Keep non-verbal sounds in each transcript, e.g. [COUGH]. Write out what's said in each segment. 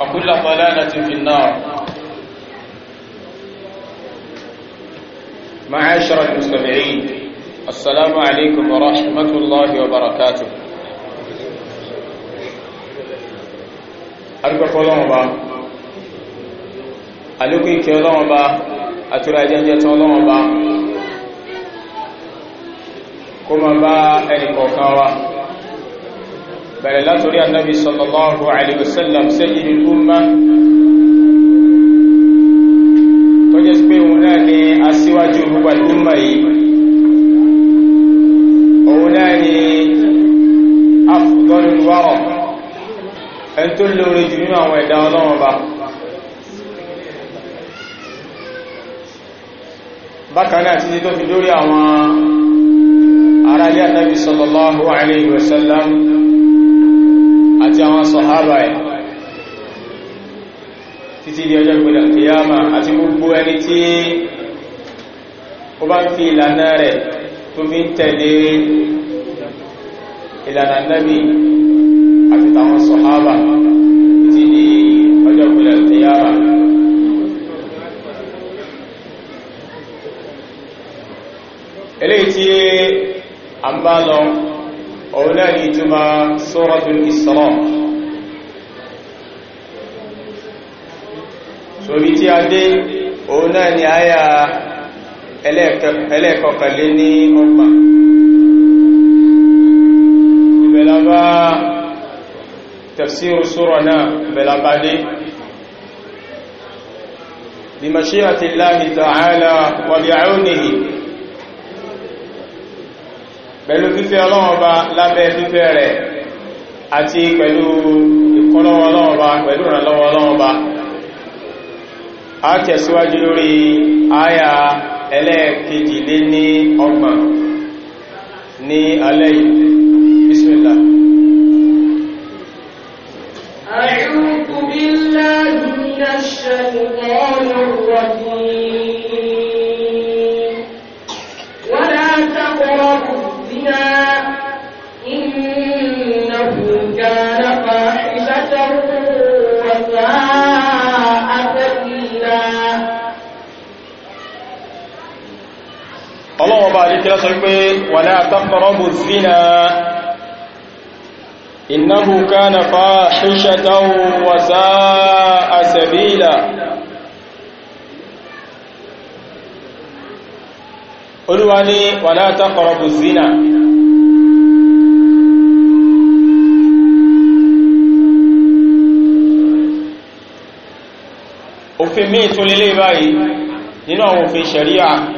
وكل ضلالة في النار معاشر المستمعين السلام عليكم ورحمة الله وبركاته أرجو قولهم با ألوكي كيولهم با أترى جنجة الله با كما با أني bẹ̀rẹ̀ látorí annabi sallallahu alaihi wasallam sayyidil ummah tó jẹ́ pé òun náà ni aṣíwájú gbogbo al'umma yìí òun náà ni afdalul wara ẹn tó lórí jù nínú àwọn ẹ̀dá ọlọ́wọ́n ba bákanáà títí tó fi lórí àwọn aráyé annabi sallallahu alaihi wasallam àti àwọn sọ̀hábà ẹ̀ títí di ọjọ́ ìpínlẹ̀ kìyàmà àti gbogbo ẹni tí ó bá ń fi ìlànà rẹ̀ tó fi ń tẹ̀lé ìlànà Nábì àti tàwọn sọ̀hábà títí di ọjọ́ ìpínlẹ̀ kìyàmà eléyìí tí a ń bá lọ òun náà ni ìtumọ̀ suratul Isra sórí tí a dé òun náà ni àyà ẹlẹ́ẹ̀kọkànlé ní ọgbà ìbẹ̀lábá tafsir sura náà ìbẹ̀lábá dé bí mashiyatillahi ta'ala wa bi'aunihi pẹ̀lú fífẹ́ ọlọ́run ọba lábẹ́ fífẹ́ rẹ̀ àti pẹ̀lú ìkọ́lọ́wọ́ ọlọ́run ọba pẹ̀lú ìrànlọ́wọ́ ọlọ́run ọba a tẹ̀síwájú lórí àyà ẹlẹ́ẹ̀kejì lé ní ọgbọ̀n ní náà sọ pé wala taqrabu zina innahu kana fahishatan wa sa'a sabila olúwa ní wala taqrabu zina òfin míì tún báyìí nínú àwọn òfin ṣẹ̀ríà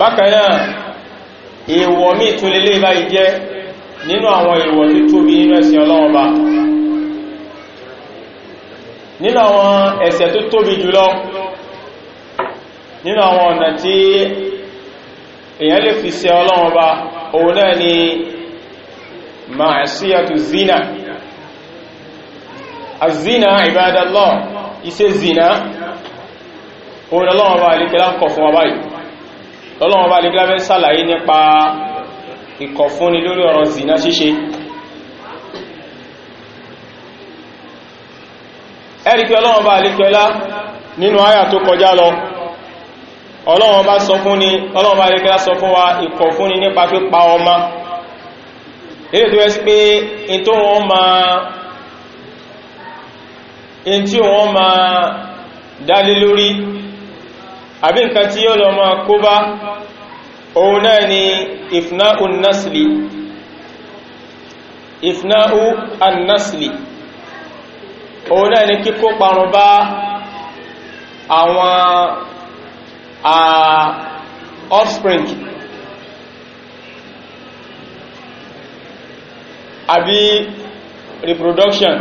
bákanáà èèwọ̀ míì tún lélé báyìí jẹ́ nínú àwọn èèwọ̀ tó tóbi nínú ẹ̀sìn ọlọ́run ba nínú àwọn ẹ̀ṣẹ̀ tó tóbi jùlọ nínú àwọn ọ̀nà tí èèyàn lè fi ṣe ọlọ́run ba òun náà ni ma'asiyatu zina azina ibadallah iṣẹ́ zina òun ọlọ́run ba àríkẹ́lá kọ̀ fún wa lọ́lọ́wọ́n bá lè gbáfẹ́ sàlàyé nípa ìkọ̀fúnni lórí ọ̀rọ̀ zìnà ṣíṣe ẹ̀ríkẹ́ ọlọ́wọ́n bá lè gbẹ́lá nínú àyà tó kọjá lọ ọlọ́wọ́n bá sọ fún ni ọlọ́wọ́n bá lè gbẹ́lá sọ fún wa ìkọ̀fúnni nípa pípa ọmọ èyí tó yẹ sí pé in tó wọ́n ma in tí wọ́n ma dálé lórí àbí nǹkan tí yóò lọ máa kó bá òun náà ni ifna'u nasli ifna'u annasli òun náà ni kíkó parun bá àwọn offspring àbí reproduction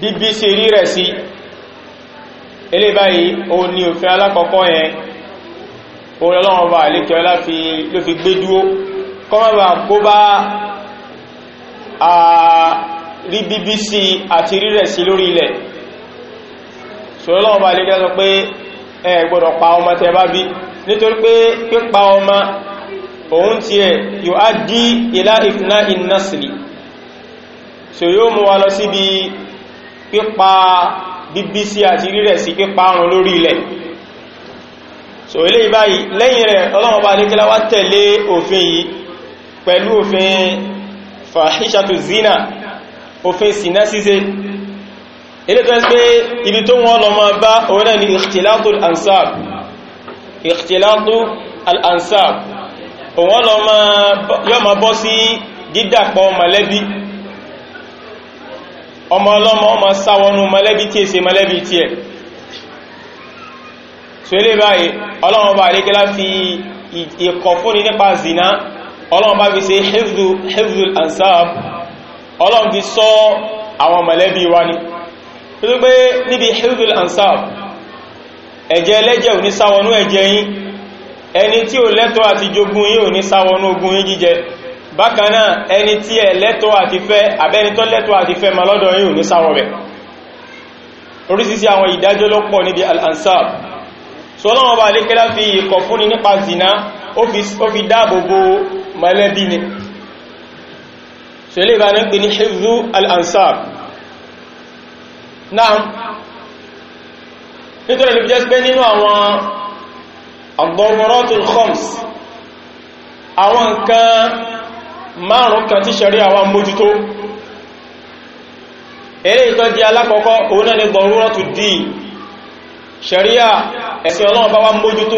bíbí ṣe rí rẹ̀ sí si ilé báyìí o ní òfin alákọ̀ọ́kọ́ yẹn orí ọlọ́run bá àlékẹ́ ọlá ló fi gbé dúó kọ́mọ̀bà kó bá rí bíbí sí àti rírẹ̀ sí lórí ilẹ̀ sọ̀rọ̀ ọlọ́run bá àlékẹ́ sọ pé ẹ gbọ́dọ̀ pa ọmọ tẹ bá bí nítorí pé pípa ọmọ òun ti ẹ̀ yóò á dí ilá ìfúnná ìnásìlì so yóò mú wa lọ síbi pípa bíbí sí àti rírẹ̀ sí pípa àrùn lórí ilẹ̀ so ilé ìbáyìí lẹ́yìn rẹ̀ ọlọ́wọ́n bá alékẹ́lá wá tẹ̀lé òfin yìí pẹ̀lú òfin fàhíṣàtò zina òfin sínà ṣíṣe ilé tó ń pé ibi tó wọ́n lọ máa bá orílẹ̀ ni ìkìtìlátò al'ansab ìkìtìlátò al'ansab òun lọ máa yọ máa bọ́ sí dídàpọ̀ mọ̀lẹ́bí ọmọ ọlọ́mọ ọmọ sáwọnú mọ̀lẹ́bí tí èsè mọ̀lẹ́bí tí ẹ̀ so ilé báyìí ọlọ́wọ́n bá alékẹ́lá fi ìkọ̀ fún ní nípa zina ọlọ́wọ́n bá fi ṣe hifzul ansab ọlọ́wọ́n fi sọ àwọn mọ̀lẹ́bí wá ní tó pé níbi hifzul ansab ẹ̀jẹ̀ ẹlẹ́jẹ̀ ò ní sáwọnú ẹ̀jẹ̀ yín ẹni tí ò lẹ́tọ́ àti jogún yín ò ní sáwọnú ogún yín jíjẹ bákanáà ẹni tí ẹ lẹ́tọ́ àti fẹ́ àbẹ́ni tó lẹ́tọ́ àti fẹ́ ma lọ́dọ̀ yíò ní sáwọ̀ rẹ̀ orísìsí àwọn ìdájọ́ ló pọ̀ níbi al-ansab so lọ́wọ́ bá lékẹ́lá fi ìkọ̀ fúnni nípa zina ó fi dáàbòbò mọ̀lẹ́bí ni so ilé ìbá náà àwọn nǹkan márùn kan tí ṣẹ̀rí àwọn mójútó eré di alákọ̀ọ́kọ́ òun náà ni gbọ̀rúrọ̀ tó dì ṣẹ̀ríà ẹ̀sìn ọlọ́run bá wá mójútó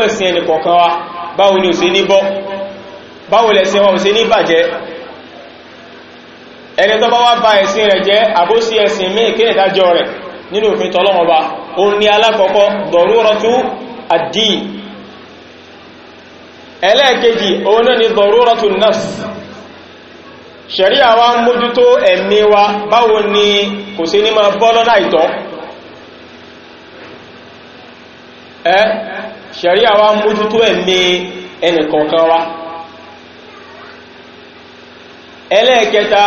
ẹ̀sìn wa báwo ni ò sí ní bọ́ báwo lẹ̀sìn wa ò sí ní ba ni ẹlẹ́ẹ̀kejì òun náà ni dọ̀rúratun nafs ṣẹ̀ríà wa ń mójútó ẹ̀mí wa báwo ni kò sí ní máa bọ́ lọ́nà àìtọ́ ẹ́ ṣẹ̀ríà wa ń mójútó ẹ̀mí ẹnìkọ̀ọ̀kan wa ẹlẹ́ẹ̀kẹta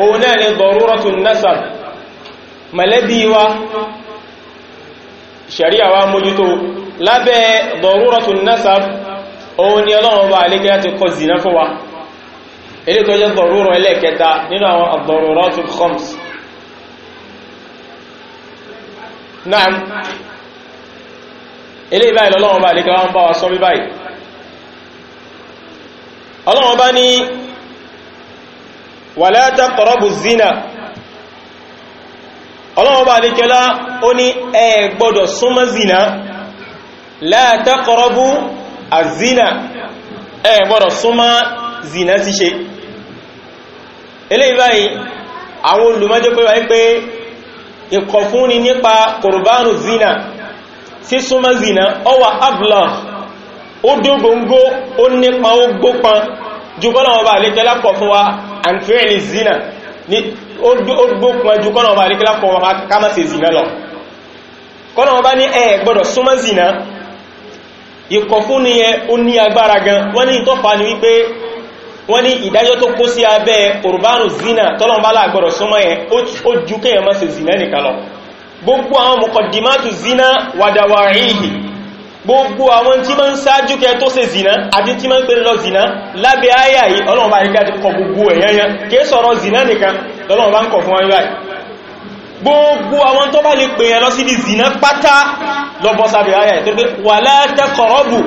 òun náà ni dọ̀rúratun nasab mọ̀lẹ́bí wa ṣẹ̀ríà wa mójútó lábẹ́ dọ̀rúratun nasab òun ni ọlọ́run bá alẹ́gẹ́rẹ́ ti kọ zina fún wa ilé tó jẹ́ dọ̀rọ̀rọ̀ ẹlẹ́ẹ̀kẹta nínú àwọn ad-daruratul khams náà ilé ìbáyìí lọ́lọ́run bá alẹ́gẹ́rẹ́ wọn bá wa sọ bíbáyìí ọlọ́run bá ní wala taqrabu zina ọlọ́run bá alẹ́gẹ́rẹ́ ó ní ẹ súnmọ́ zina la taqrabu zina àzínà ẹ gbọ́dọ̀ súnmọ́ zínà ti ṣe eléyìí báyìí àwọn olùmọ́jẹ́ pé wáyé pé ìkọ̀fúnni nípa kòròbánù zínà sí súnmọ́ zínà ọwà abúlá ó dógóngó ó nípa ó gbópan ju kọ́nà ọba àlékẹ́lá kọ̀ fún wa àǹfẹ́ẹ̀lì zínà ní ó gbópan ju kọ́nà ọba àlékẹ́lá kọ̀ wọn ká má ṣe zínà lọ kọ́nà ọba ní ẹ gbọ́dọ̀ súnmọ́ ìkọ̀fún ni ẹ ó ní agbára gan wọ́n ní tọ́fà ní wípé wọ́n ní ìdájọ́ tó kó sí abẹ́ kòrùbánù zina tọ́lọ̀mbálà àgbọ̀rọ̀ súnmọ́ ẹ̀ ó ju kéèyàn má ṣe zina nìkan lọ gbogbo àwọn mọ̀kọ̀dìmátù zina wàdàwà ríhì gbogbo àwọn tí ma ń sáájú kẹ tó ṣe zina àti tí zina lábẹ́ ayà yìí ọlọ́run bá ní ká ti kọ gbogbo ẹ̀yẹn yẹn gbogbo àwọn tó bá lè pè ẹ lọ sí di zina pátá lọ́bọ̀ sábẹ̀ ayà tó pé wà látẹ́kọ̀rọ́bù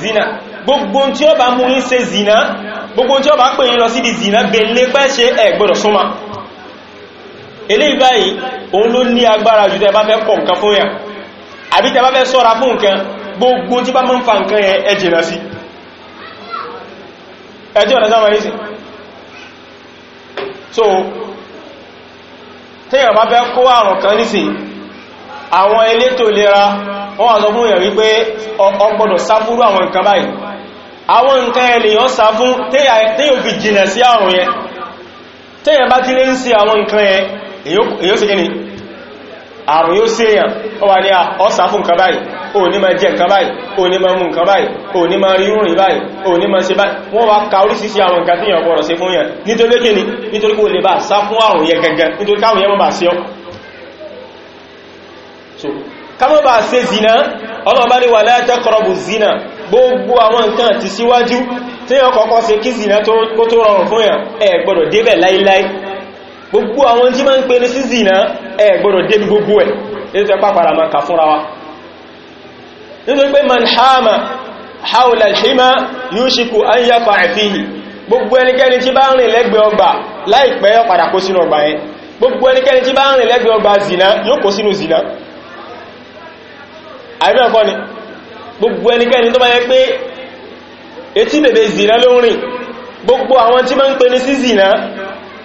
zina gbogbo tí ó bá mú ní ṣe zina gbogbo tí ó bá pè ẹ lọ sí di zina belé pẹ́ ṣe ẹ gbọ́dọ̀ súnmọ́ eléyìí báyìí òun ló ní agbára jù tẹ́ bá fẹ́ kọ̀ nǹkan fún yà àbí tẹ́ bá fẹ́ sọ́ra fún nǹkan gbogbo tí bá mọ́ ń fa nǹkan yẹn ẹ jìnà sí ẹjọ́ ọ̀nà sáwọn yìí so tíyàn bá bẹ́ kó àrùn kan nísìn àwọn elétò ìlera wọ́n fún wípé àwọn nǹkan báyìí àwọn nǹkan sá fún fi jìnà àrùn yẹn bá ti lé ń àwọn nǹkan yẹn àrùn yóò sí èyàn ó wà ní ọ́sà fún nǹkan báyìí ó ní ma jẹ nǹkan báyìí ó ní ma mú nǹkan báyìí ó ní ma rí rùn báyìí ó ní ma ṣe báyìí wọ́n wá ka oríṣiríṣi àwọn nǹkan tí èyàn gbọ́dọ̀ fún yàn nítorí kí ni nítorí kí o lè bá sá fún àrùn yẹn gangan nítorí káwọn yẹn mọ́ bá sí ọ́ kámọ́ bá ṣe zina ọlọ́ọ̀bá ní wà la taqrabu zina gbogbo àwọn nǹkan ti síwájú tí yàn kọ́kọ́ ṣe kí zina tó rọrùn fún yàn ẹ gbọ́dọ̀ débẹ̀ láíláí gbogbo àwọn tí ma ń pè ní sí zina ẹ gbọ́dọ̀ débi gbogbo ẹ̀ ètò ẹpá padà ma kà fúnra wa nítorí pé man hama haula al-hima yushiku anya yaqa fihi gbogbo ẹnikẹ́ni tí bá ń rìn lẹ́gbẹ̀ẹ́ ọgbà láìpẹ́ yọ padà kó sínú ọgbà yẹn gbogbo ẹnikẹ́ni tí bá ń rìn lẹ́gbẹ̀ẹ́ ọgbà zina yóò kó sínú zina àìbẹ́ ọkọ́ ni gbogbo ẹnikẹ́ni tó bá zina ló ń rìn gbogbo àwọn tí ma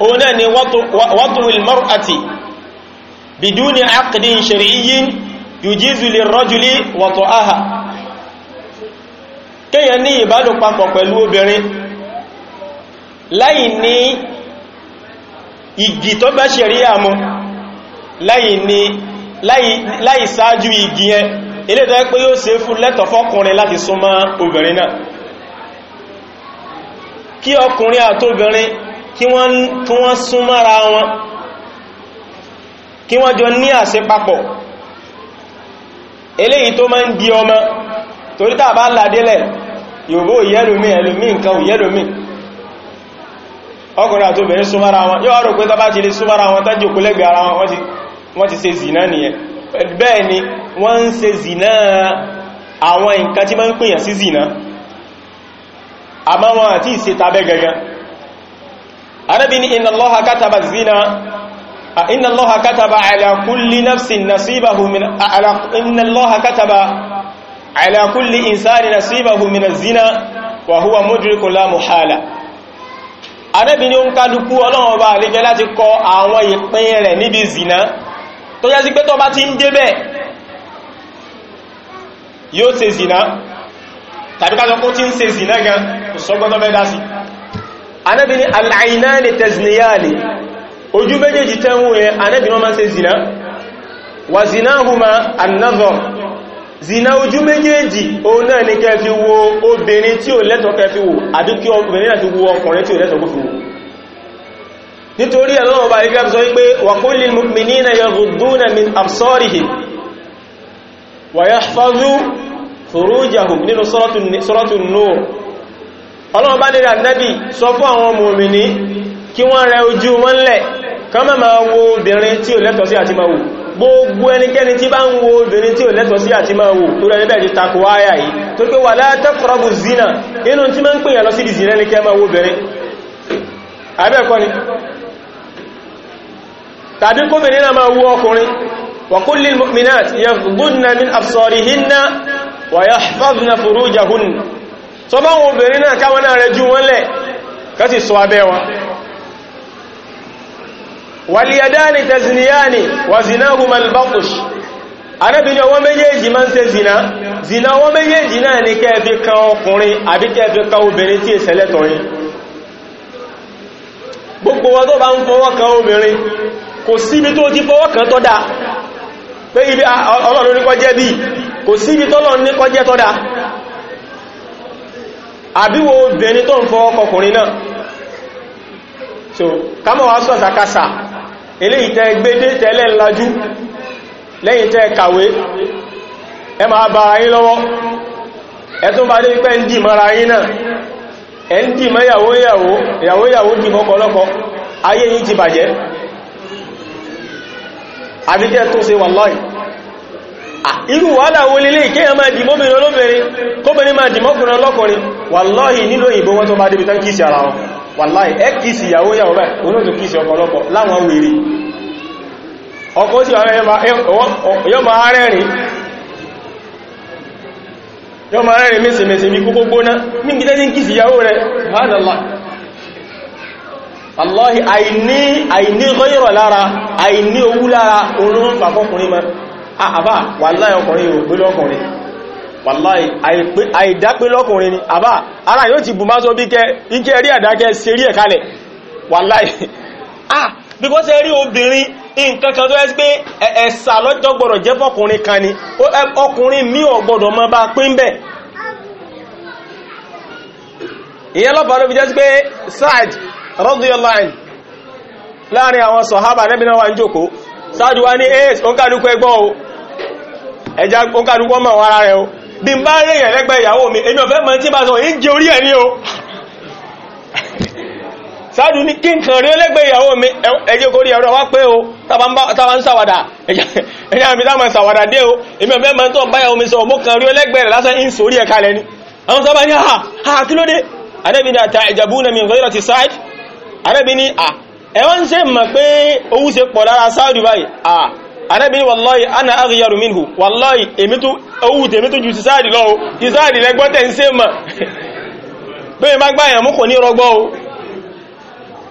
òun náà ni wọ́tùwìl mọ́rùn-ún bidúni àkìdín ṣeríyín yùjízù lè rọ́júlé wọ̀tọ̀ áhà kíyàn ní ìbádùn papọ̀ pẹ̀lú obìnrin láì ní igi tó bá ṣeríyà mú láì sáájú igi ẹ ilé tó pé yóò ṣe fún lẹ́tọ̀ fọ́kùnrin láti súnmọ́ obìnrin náà kí ọkùnrin àtóbìnrin kí wọ́n súnmọ́ra wọn kí wọ́n jọ ní àṣẹ papọ̀ eléyìí tó máa ń di ọmọ torí tàbá ládélẹ̀ yòbó ìyẹ́lòmí ẹlòmí nǹkan ìyẹ́lòmí ọkùnrin àti obìnrin súnmọ́ra wọn yóò rò pé bá ti lè súnmọ́ra wọn tó ara wọn ti nìyẹn bẹ́ẹ̀ ni wọ́n ń àwọn nǹkan tí máa ń pèyàn sí wọn àti arábí ni inna allaha kataba zina inna allaha kataba ala kulli nafsin nasibahu min ala inna allaha kataba ala kulli insani nasibahu min az-zina wa huwa mudrikun la muhala arábí ni ó ń kálukú ọlọ́wọ́ bá àlejẹ́ láti kọ àwọn ìpín rẹ̀ níbi zina tó yá sí pé tó bá ti ń débẹ̀ yóò ṣe zina tàbí ká sọ kó tí ń zina gan kò sọ́gbọ́n tó fẹ́ dá sí anábi ni al'ainá ni tazniyani ojú méjèèjì tẹ́wọ́ yẹn anábi wọ́n máa ṣe zina wa zina huma annazor zina ojú méjèèjì o náà ni kẹ́ fi wo obìnrin tí ó lẹ́tọ̀ kẹ́ fi wo àdúkí obìnrin náà fi wo ọkùnrin tí ó lẹ́tọ̀ kó fi wo nítorí ẹ̀lọ́wọ́ bá ọlọ́run bá nílẹ̀ ànábì sọ fún àwọn mùmìní kí wọ́n rẹ ojú wọn lẹ̀ kán má máa wo obìnrin tí ò lẹ́tọ̀ọ́ sí àti máa wò gbogbo ẹnikẹ́ni tí bá ń wo obìnrin tí ò lẹ́tọ̀ọ́ sí àti máa wò tó rẹ̀ níbẹ̀ ti yìí tó wà látẹ́kọ̀ọ́bù zina so bá wọn obìnrin náà káwọn náà rẹ jú wọn lẹ̀ kásì sọ abẹ́ wọn waliyadani taziniyani wa zinahuma al-batsh arábìnrin ọwọ́ méjèèjì máa ń ṣe zina zina ọwọ́ méjèèjì náà ní kẹfí kan ọkùnrin àbí kẹfí kan obìnrin tí ìṣẹ́lẹ̀tọ̀rin gbogbo wọn tó bá ń fọwọ́ kan obìnrin kò síbi tó ti fọwọ́ kan tọ́dá pé ibi ọlọ́run ní kọjẹ́ bí kò síbi tọ́lọ́run ní kọjẹ́ tọ́dá àbíwò obìnrin tó ń fọ́ ọkọkùnrin náà so kámọ̀ wá sọ̀sàkásà eléyìí tẹ́ gbédé tẹ́lẹ̀ ńlájú lẹ́yìn tẹ́ kàwé ẹ máa bá ayín lọ́wọ́ ẹ tún bá dé pẹ́ ń dì mọ́ra ayín náà ẹ ń dì mọ́ ìyàwó ìyàwó ti irú wàhálà wo lélé ìkéyàn máa dìmọ́ obìnrin olóbìnrin kóbìnrin máa dìmọ́ ọkùnrin ọlọ́kùnrin wàláhì nílò ìbò wọn tó bá débi tán kìí sí ara wọn kisi ẹ kìí sí ìyàwó yàwó báyìí mi àìní lára àìní owú lára àbá wàláì ọkùnrin yóò pé lọ́kùnrin wàláì àìdápé lọ́kùnrin ni àbá ara yóò ti bù má sọ bí kẹ ikẹ́ rí àdákẹ́ ṣe rí ah because ẹ rí obìnrin nǹkan tó ẹ́ sí pé lọ́jọ́ gbọ́dọ̀ jẹ́ ni ọkùnrin mí ò gbọ́dọ̀ bá pín ìyẹn lọ́pàá ló fi jẹ́ sí pé láàrin àwọn wà ń jòkó o ẹjá kókàdúkọ́ mọ̀ ara rẹ̀ o bí n bá rí èyàn lẹ́gbẹ̀ẹ́ ìyàwó mi èmi ọ̀fẹ́ mọ̀ tí bá sọ ń jẹ orí ẹ̀ ní o sáàdù ní kí n kàn rí lẹ́gbẹ̀ẹ́ ìyàwó mi ẹjẹ́ kórí ẹ̀rọ wá pé o tàbá ń sàwàdà ẹjá mi mọ̀ ha ha kí ló dé Ànábì ní ta'jabuna min ghayrati Sa'd Ànábì ní à ah, ẹ̀wọ́n ń ṣe mọ̀ pé owó ṣe pọ̀ lára sáàdù báyìí ah, anábi wallahi ana aghyaru minhu wallahi owó tèmi tó ju ti sáàdì lọ ti sáàdì lẹ́gbọ́tẹ̀ ń se mọ̀ bẹ́ẹ̀ má gbáyàn mú kò ní rọgbọ́ o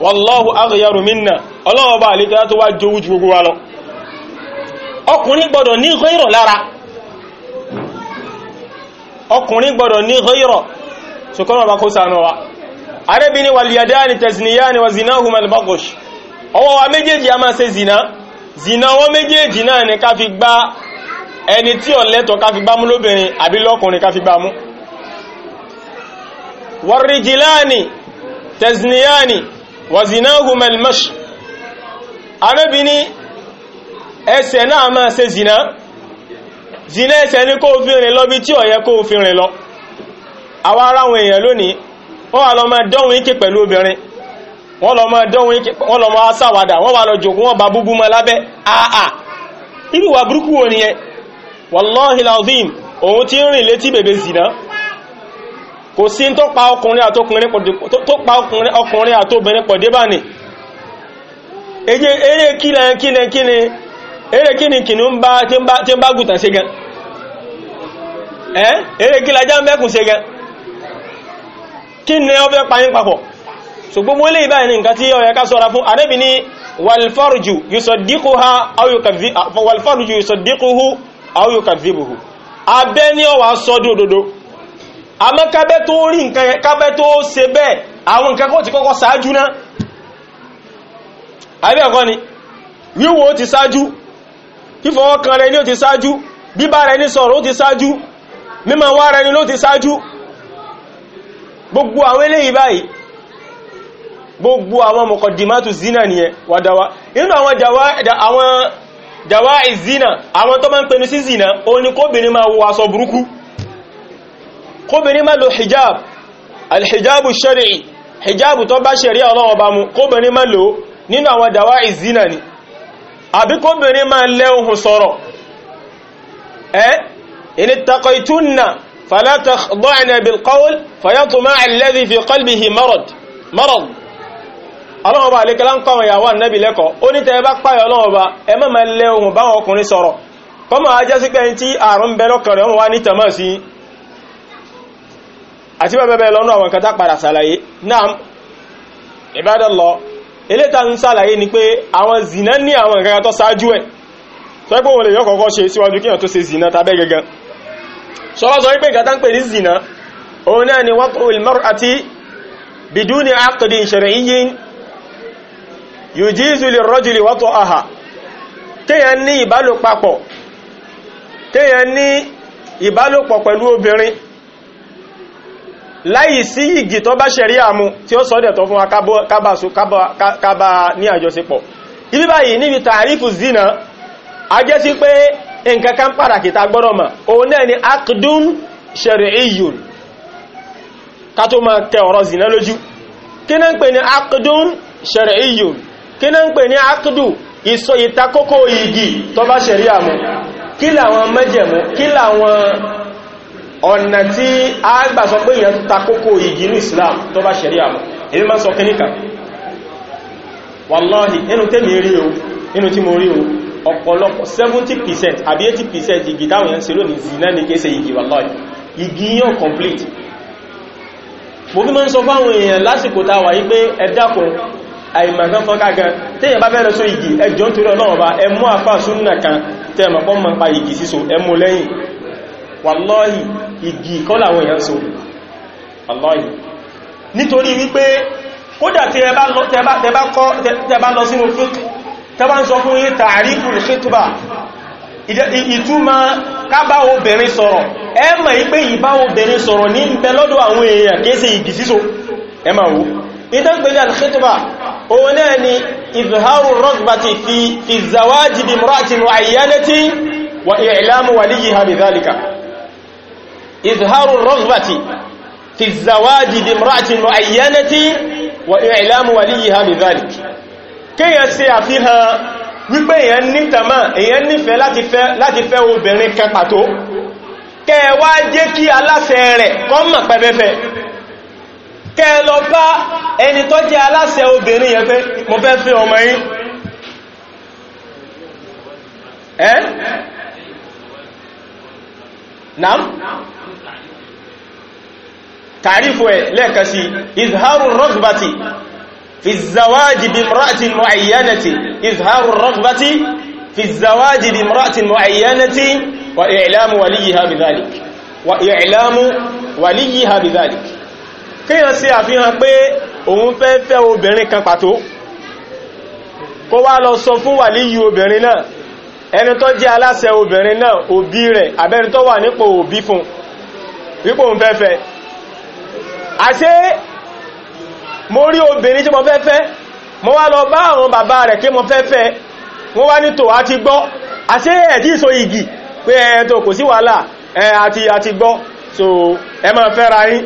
wallahu aghyaru minna ọlọ́wọ́ bá àlítà tó wá jówú ju gbogbo wa lọ ọkùnrin gbọ́dọ̀ ní ghayra lára ọkùnrin gbọ́dọ̀ ní ghayra ṣùkọ́nà bá kó sànà wa arábìnrin wal yadani tazniyani wa zinahuma al-baghsh ọwọ́ wa méjèèjì a máa ṣe zina zina wọn méjèèjì náà ni ká fi gbá ẹni tí ó lẹ́tọ̀ọ́ ká fi gbá lóbìnrin àbí lọ́kùnrin ká fi gbá mú warrijilani tazniyani wa zinahuma al-mash Ànábì ní ẹsẹ̀ náà máa ṣe zina zina ẹsẹ̀ ní kó fi rìn lọ bí tí ó yẹ kó fi rìn lọ àwọn aráwọn èèyàn lónìí wọ́n wà lọ máa ike pẹ̀lú obìnrin wọn lọ mọ dánwò yín wọn lọ máa sáwàdà wà lọ jòkó wọn bá búbú ma lábẹ́ àà irú wà burúkú wò ní ẹ wallahi lazim òun tí ń rìn létí bèbè kò sí tó pa ọkùnrin àtóbìnrin pọ̀dé ere ní eré kílẹ̀ kílẹ̀ kílẹ̀ eré kíni tí so gbogbo ilé ìbáyìí ní nǹkan tí ó yẹ ká sọ́ra fún Ànábì ní walfarju yusaddiquhu aw yukadhibuhu abẹ́ ní ọwà sọ́dún òdodo àmọ́ kábẹ́ tó rí nǹkan kábẹ́ tó ṣe bẹ́ẹ̀ àwọn nǹkan kó ti kọ́kọ́ sáájú náà àbí ẹ̀kọ́ ni wíwo ti sáájú fífọwọ́ kan rẹ̀ ní ó ti sáájú bíbá rẹ̀ ní sọ̀rọ̀ ó ti sáájú mímọ̀ wá rẹ̀ ní ló ti sáájú gbogbo àwọn eléyìí báyìí gbogbo àwọn mọ̀kọ̀dìmátù zina nìyẹn wàdáwà inú àwọn dàwà ìzina àwọn tó máa ń pẹnu sí zina o ni kóbìnrin máa wọ aṣọ burúkú kóbìnrin máa lo hijab alhijabu shari'i hijabu tó bá ṣẹ̀ríà Ọlọ́run bá mu kóbìnrin máa lo nínú àwọn dàwà ìzina ni àbí kóbìnrin máa lẹ́ ohun sọ̀rọ̀ ẹ́ in ittaqaytunna fala takhda'na bil qawl fayatma'a alladhi fi qalbihi marad marad ọlọ́wọ́ bá alékẹ́lá ya kọ́wọ̀n ìyàwó ànábì lẹ́kọ̀ọ́ ó ní tẹ́ẹ̀ bá páyọ̀ ohun bá ọkụnrin má máa lẹ ohùn báwọn ọkùnrin sọ̀rọ̀ kọ́mọ̀ ajá sí pé ẹni tí àrùn bẹ lọ́kàn rẹ̀ wọ́n wá ní tẹ̀mọ́ sí àti bẹ́ẹ̀ bẹ́ẹ̀ ni pé awọn zìnà ní tó ṣe zina sọ òun náà ni ati biduni yujizu lè rọ́jùlì wọ́tọ̀ aha kíyàn ní ìbálòpapọ̀ kíyàn ní ìbálòpọ̀ pẹ̀lú obìnrin láì sí igi tó bá ṣẹ̀rí àmú tí ó sọ́dẹ̀ tó fún wa ní àjọṣepọ̀ ibi báyìí níbi tààrífù zina a jẹ́ sí pé nǹkan pàtàkì ta gbọ́dọ̀ mọ̀ òun náà ni akdun shari'iyyun ká tó máa tẹ ọ̀rọ̀ zina lójú kí náà pè ní akdun shari'iyyun kí náà ń pè ní akudu ìsọ ìtakókò igi tó bá ṣẹ̀rí àmú kí làwọn mẹ́jẹ̀mú kí làwọn ọ̀nà tí a gbà sọ pé èyàn takókò igi ní Islam tó bá ṣẹ̀rí àmú èyí máa sọ kíníkà wàláhì inú tẹ́mi rí o inú tí mo rí o ọ̀pọ̀lọpọ̀ 70% àbí 80% igi táwọn èyàn ṣe lónìí zina ní kéèsẹ̀ igi wàláhì igi yíò complete mo bí máa ń sọ fáwọn àìmọ̀kan fọ́ká gan tẹ́yẹ̀ bá bẹ́rẹ̀ só igi ẹjọ́ torí ọlọ́run bá ẹmú àfà súnnà kan tẹ́ẹ̀mọ̀ pọ́n mọ́ pa igi síso ẹmú lẹ́yìn wàlọ́hì igi kọ́ làwọn èèyàn so wàlọ́hì nítorí wípé kódà tẹ́ bá lọ sínú fún tẹ́ bá ń sọ fún yí tààríkù ṣètùbà ìtumọ̀ ká bá obìnrin sọ̀rọ̀ ẹ mọ̀ wípé ìbá obìnrin sọ̀rọ̀ ní ń bẹ lọ́dọ̀ àwọn èèyàn kéèsè igi síso ẹ máa wo ìtẹ́gbẹ̀lẹ̀ àlùkẹ́tùbà òun náà ni ìzùhárù rọ́gbàtí fi zàwájì bí mọ́ràtí mọ́ àyánẹ́tí wà ìlàmù wà ní yíha bìzálìkà ìzùhárù rọ́gbàtí fi zàwájì bí mọ́ràtí mọ́ àyánẹ́tí wà ìlàmù wà ní yíha bìzálìkà kíyàn sí àfihàn wípé èyàn ní tàmà èyàn nífẹ́ láti fẹ́ obìnrin kan kẹwàá jẹ́ kí aláṣẹ rẹ̀ kọ́ mọ̀ pẹ́fẹ́fẹ́ kẹ́ lọ bá ẹni tó jẹ́ aláṣẹ obìnrin yẹn pé mo fẹ́ fi ọmọ yín ẹ́ nam tàrífò ẹ̀ lẹ́ẹ̀kan sí izharu rọ́gbàtí fi zawaji bí mọ́ràtí mọ́ayyanati izharu rọ́gbàtí fi zawaji bí mọ́ràtí mọ́ayyanati wa ìlàmù waliyiha bí zalik kíyàn ṣe àfihàn pé òun fẹ́ fẹ́ obìnrin kan pàtó kó wá lọ sọ fún wàlíyí obìnrin náà ẹni tó jẹ́ aláṣẹ obìnrin náà òbí rẹ̀ àbẹ́ni tó wà nípò òbí fún wípò òun fẹ́fẹ́ àṣé mo rí obìnrin tí mo fẹ́fẹ́ mo wá lọ bá àwọn bàbá rẹ̀ kí mo fẹ́fẹ́ wọ́n wá ní tò á ti gbọ́ àṣé ẹ̀dí ìsọ igi pé ẹ̀ tó kò sí wàhálà ẹ̀ àti àti gbọ́ so ẹ máa fẹ́ ra yín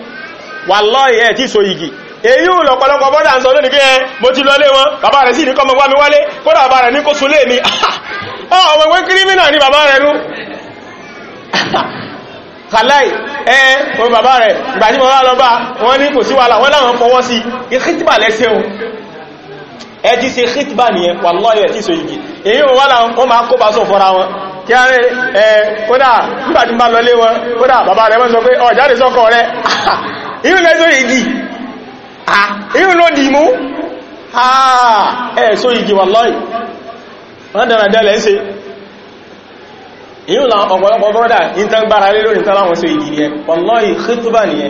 wallahi ẹ̀ tí so igi èyí ò lọ̀pọ̀lọpọ̀ bọ́dà ń sọ lónìí kí ẹ mo ti lọlé wọn bàbá rẹ̀ sì ní kọmọ wá mi wálé kódà bàbá rẹ̀ ní kó súnlé mi [LAUGHS] ọmọ ìwé kírímìnà bàbá rẹ̀ nú kàláì [LAUGHS] ẹ o bàbá rẹ̀ ìgbàtí mo wá lọ bá wọ́n ní kò sí wàhálà wọ́n láwọn fọwọ́ sí ìkítìbà o ẹ ti ṣe ìkítìbà nìyẹn wallahi ẹ̀ tí so igi èyí o [LAUGHS] irun lẹ́sọ́ igi ah irun ló dì mú ah ẹ̀ só igi wà lọ́ì wọ́n dára dẹ́lẹ̀ ń se irun láwọn ọ̀pọ̀lọpọ̀ brọ́dà intan gbára lé lórí tán láwọn só igi ni ẹ wọ́lọ́ì kìtúbà ni ẹ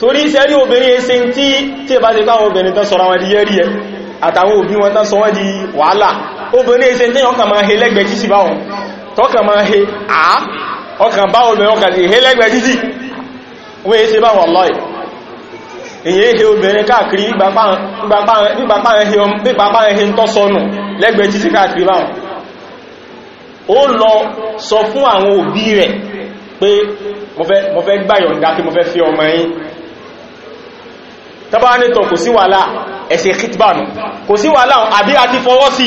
torí sẹ́rí obìnrin ẹsẹ tí tí bá ti káwọn obìnrin tán sọ́ra wọn di yẹ́rí ẹ àtàwọn òbí wọn tán sọ wọ́n di wàhálà obìnrin ẹsẹ tí ọkàn máa he lẹ́gbẹ̀ẹ́ títí báwọn tọ́kàn máa he àá ọkàn bá obìnrin ọkàn he lẹ́gbẹ̀ẹ́ títí wọ́n e ṣe bá wọ́n lọ́ì èyí ihe obìnrin káàkiri pípapá ẹhe tó sọnù lẹ́gbẹ̀ẹ́ títí káàkiri báwọn ó lọ sọ fún àwọn òbí rẹ̀ pé mo fẹ́ gbàyọ̀ǹda kí mo fẹ́ fi ọmọ yín tọ́bá nítọ̀ kò sí wàhálà ẹ̀sẹ̀ kìtìbà kò sí wàhálà àbí àti fọwọ́ sí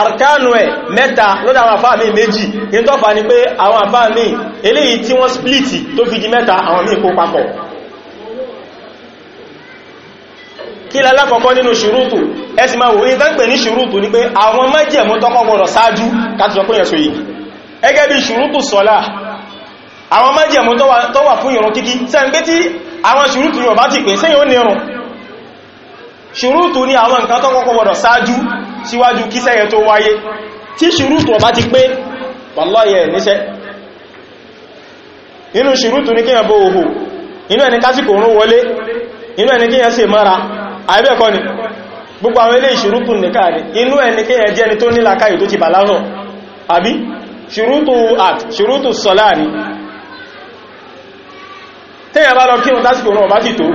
àrkánù ẹ̀ mẹ́ta lọ́dá àwọn àfáà mi méjì in tó fà ní pé àwọn àfáà mi eléyìí tí wọ́n spliti tó fi di mẹ́ta àwọn mi kó papọ̀ kí lálákọ̀ọ́kọ́ nínú ṣùrútù ẹsì máa wòye tán pè ní ṣùrútù ní pé àwọn májẹ̀mú tọ́kọ́ gbọ́dọ̀ ṣáájú káti sọ pé yẹn so yìí ẹgẹ́ bí ṣùrútù sọ́lá àwọn síwájú kíṣẹ́ yẹn tó wáyé tí ṣùrútù ọba ti pé wallahi níṣẹ́ inú ṣùrútù ní kíyàn bó òhù inú ẹni kásìkò òun wọlé inú ẹni kíyàn ṣe mara àìbẹ́ẹ̀kọ́ ni gbogbo àwọn ilé ìṣùrútù nìkan ni inú ẹni kíyàn jẹ́ ni tó ní làákàyè tó ti bàlágà àbí ṣùrútù àt ṣùrútù sọlá ni tẹ́yà bá lọ kírun tásìkò náà bá ti tó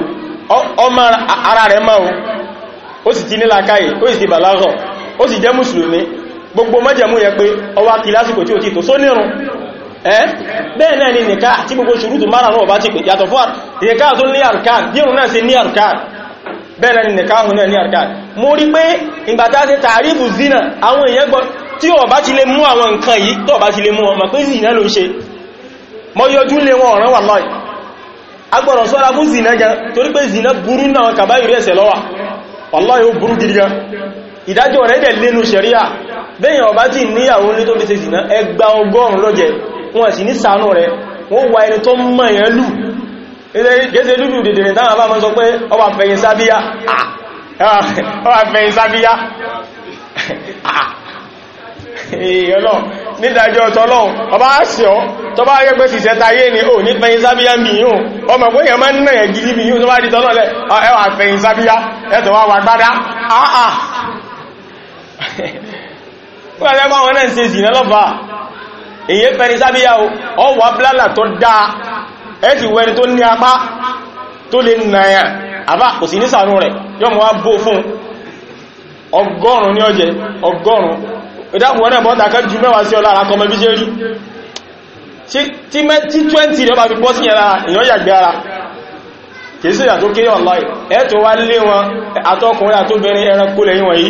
ọmọ ara rẹ̀ máa ó sì ti ní làákàyè ó sì ti bàlágà ó sì jẹ́ gbogbo májẹ̀mú yẹn pé ọwá kí lásìkò tí ó ti tó só nírun ẹ́ bẹ́ẹ̀ náà ni nìká tí gbogbo ṣùrútù mara náà bá ti pè yàtọ̀ fún nìká tó ní arkan yíò ni pé zina àwọn èèyàn gbọ́ mú mú zina agbọ̀rọ̀ zina gan torí zina burú náà kàbáyìí rẹ̀ ó burú gidi gan ìdájọ́ rẹ̀ dẹ̀ lénú ṣẹ̀ríà bẹ́yàn ọba tí níyàwó ní tó fi ṣe sìná ẹgbà ọgọ́rùn lọ́jẹ́ wọn sì ní sàánú rẹ̀ wọ́n wà ẹni tó mọ̀ yẹn lù gẹ́sẹ̀ lúlù dèdèrè táwọn bá mọ́ sọ pé ọba fẹ̀yìn sábíyá ọba fẹ̀yìn sábíyá ìyọ́lọ́ [LAUGHS] nídàjọ́ tọ́lọ́un ọba àṣíọ́ tó bá rẹ̀ pé ni ò ní fẹ̀yìn sábíyá mi yíò ọmọ pé èèyàn máa di tọ́lọ́lẹ̀ ẹwà fẹ̀yìn sábíyá ẹ̀tọ̀ wà wà ah. àà wọ́n fẹ́ báwọn náà ṣe ìsìnà lọ́fà èyí fẹ́ni sábíyà ọwà blálà tó dáa ẹ̀sì wẹni tó ní apá tó lè nàyà àbá kò sí nísànú rẹ̀ yọ́mù wá bó fún ọgọ́rùn ní ọjẹ́ ọgọ́rùn ìdákùn kìí sí ìyà tó kéré ọ̀láì ẹ̀ tó wá lé wọn àtọkùnrin àtóbìnrin ẹranko lẹ́yìn wọ̀nyí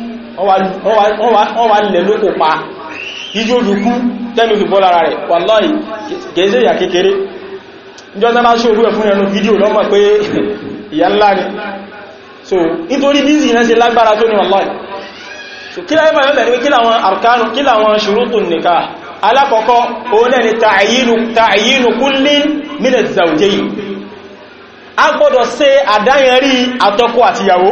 wọ́n wà lẹ̀ lókò pa ijó lùkú tẹ́lù fi bọ́lára rẹ̀ wàláhì gẹ̀ẹ́sẹ̀ ìyà kékeré ìjọ́ tánà ṣe orú ẹ̀ fún ẹnu fídíò lọ́mọ̀ pé ìyà ńlá ni so nítorí bí ìsìnà ṣe lágbára tó ní wàláhì so kí láyé máa mẹ́bẹ̀ ní kí làwọn arkanu kí làwọn ṣùrútù nìka alákọ̀ọ́kọ́ òun ẹni ta'yinu kullin min az-zawjayn a gbọ́dọ̀ ṣe àdáyẹrí àtọkọ àtìyàwó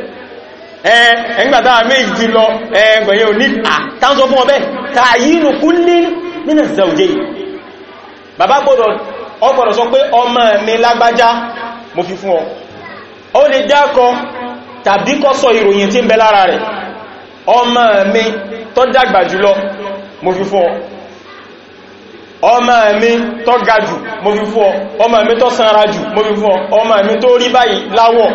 ẹgbàtà méjì ti lọ ẹgbẹ̀yẹ ò ní àtàzọ fún ọbẹ̀ tààyínú kú ní nínú ìzẹ̀òjẹ́ bàbá gbọ́dọ̀ ọgbọ̀dọ̀ sọ pé ọmọ mi lágbájá mo fi fún ọ ó lè dákọ tàbí kọ́ sọ ìròyìn tí ń bẹ lára rẹ̀ ọmọ mi tó dàgbà jùlọ mo fi fún ọ ọmọ mi tó ga jù mo fi fún ọ ọmọ mi tó sanra jù mo fi fún ọ ọmọ mi tó rí báyìí láwọ̀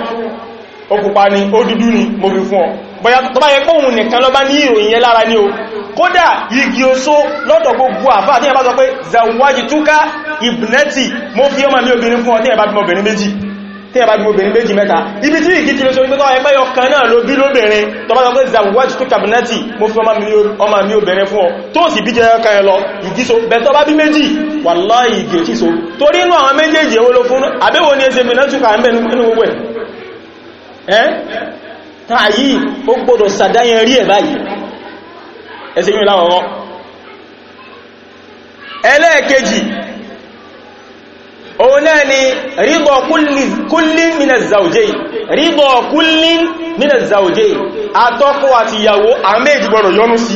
ó pupa ni ó dúdú ni mo fi fún ọ bóyá tó bá yẹ pé òun nìkan ló bá ní ìròyìn yẹn lára ní o kódà igi oṣó lọ́dọ̀ gbogbo àfáà tí ẹ bá sọ pé zawaji túká ìbìnẹ́tì mo fi ọmọ mi obìnrin fún ọ tí ẹ bá bí obìnrin méjì tí ẹ bá bí obìnrin méjì mẹ́ta ibi tí ìkí ti lọ sọ wípé tọ́ ẹgbẹ́ ọkàn náà ló bí lóbìnrin tó bá sọ pé zawaji túká ìbìnẹ́tì mo fi ọmọ mi obìnrin fún ọ tó sì bí jẹ́ ọkàn ẹ lọ ìgíso bẹ̀tọ́ bá bí méjì wàláì ìgèkíso torí inú àwọn méjèèjì ewó ló fún àbẹ́wò ní ẹsẹ̀ ìbìnẹ́tì túká ń bẹ̀ nínú gbogbo táàyí ó gbọ́dọ̀ sàdáyẹn rí ẹ̀ báyìí ẹsẹ̀ yìí láwọ̀rọ̀ ẹlẹ́ẹ̀kejì òun náà ni rídọ̀ kullin minaz zawjayn rídọ̀ kullin minaz zawjayn atọ́kọ àti ìyàwó àmẹ́jì gbọ́dọ̀ yọ́nú sí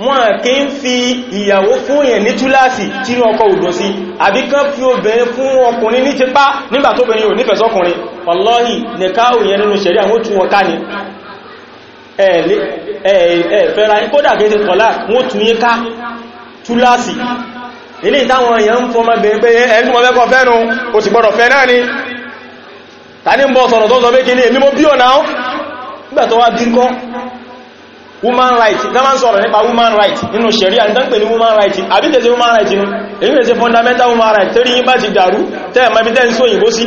wọn kí ń fi ìyàwó fún èèyàn ní túláàsì tí ní ọkọ òdùn sí àbí kán fi obìnrin fún ọkùnrin ní tipá nígbà tó bìnrin ò nífẹ̀ẹ́ sọ́kùnrin wallahi nìká òyìn nínú ṣẹ̀rí àwọn òtún wọn ká ni ẹ̀ẹ̀fẹ́ra kódà kéèsè tọ́lá wọ́n tún yí ká túláàsì ilé ìtawọn èèyàn ń fọmọ bẹ̀rẹ̀ pé ẹni tí wọ́n fẹ́ kọ fẹ́nu ó sì gbọ́dọ̀ fẹ́ náà ni ta ní ń bọ́ sọ̀rọ̀ tó sọ pé kí ní èmi mo bí ọ̀nà nígbà tó wá bí kọ́ woman right dámà nsọrọ sọ̀rọ̀ nípa woman right nínú shari'a ní tánpẹ̀ ní woman right àbí tẹ́sẹ̀ woman right ní èyí rẹ̀ ṣe fundamental woman right tẹ́rí yí bá ti dàrú tẹ́ẹ̀mọ́bí tẹ́ ń só òyìnbó sí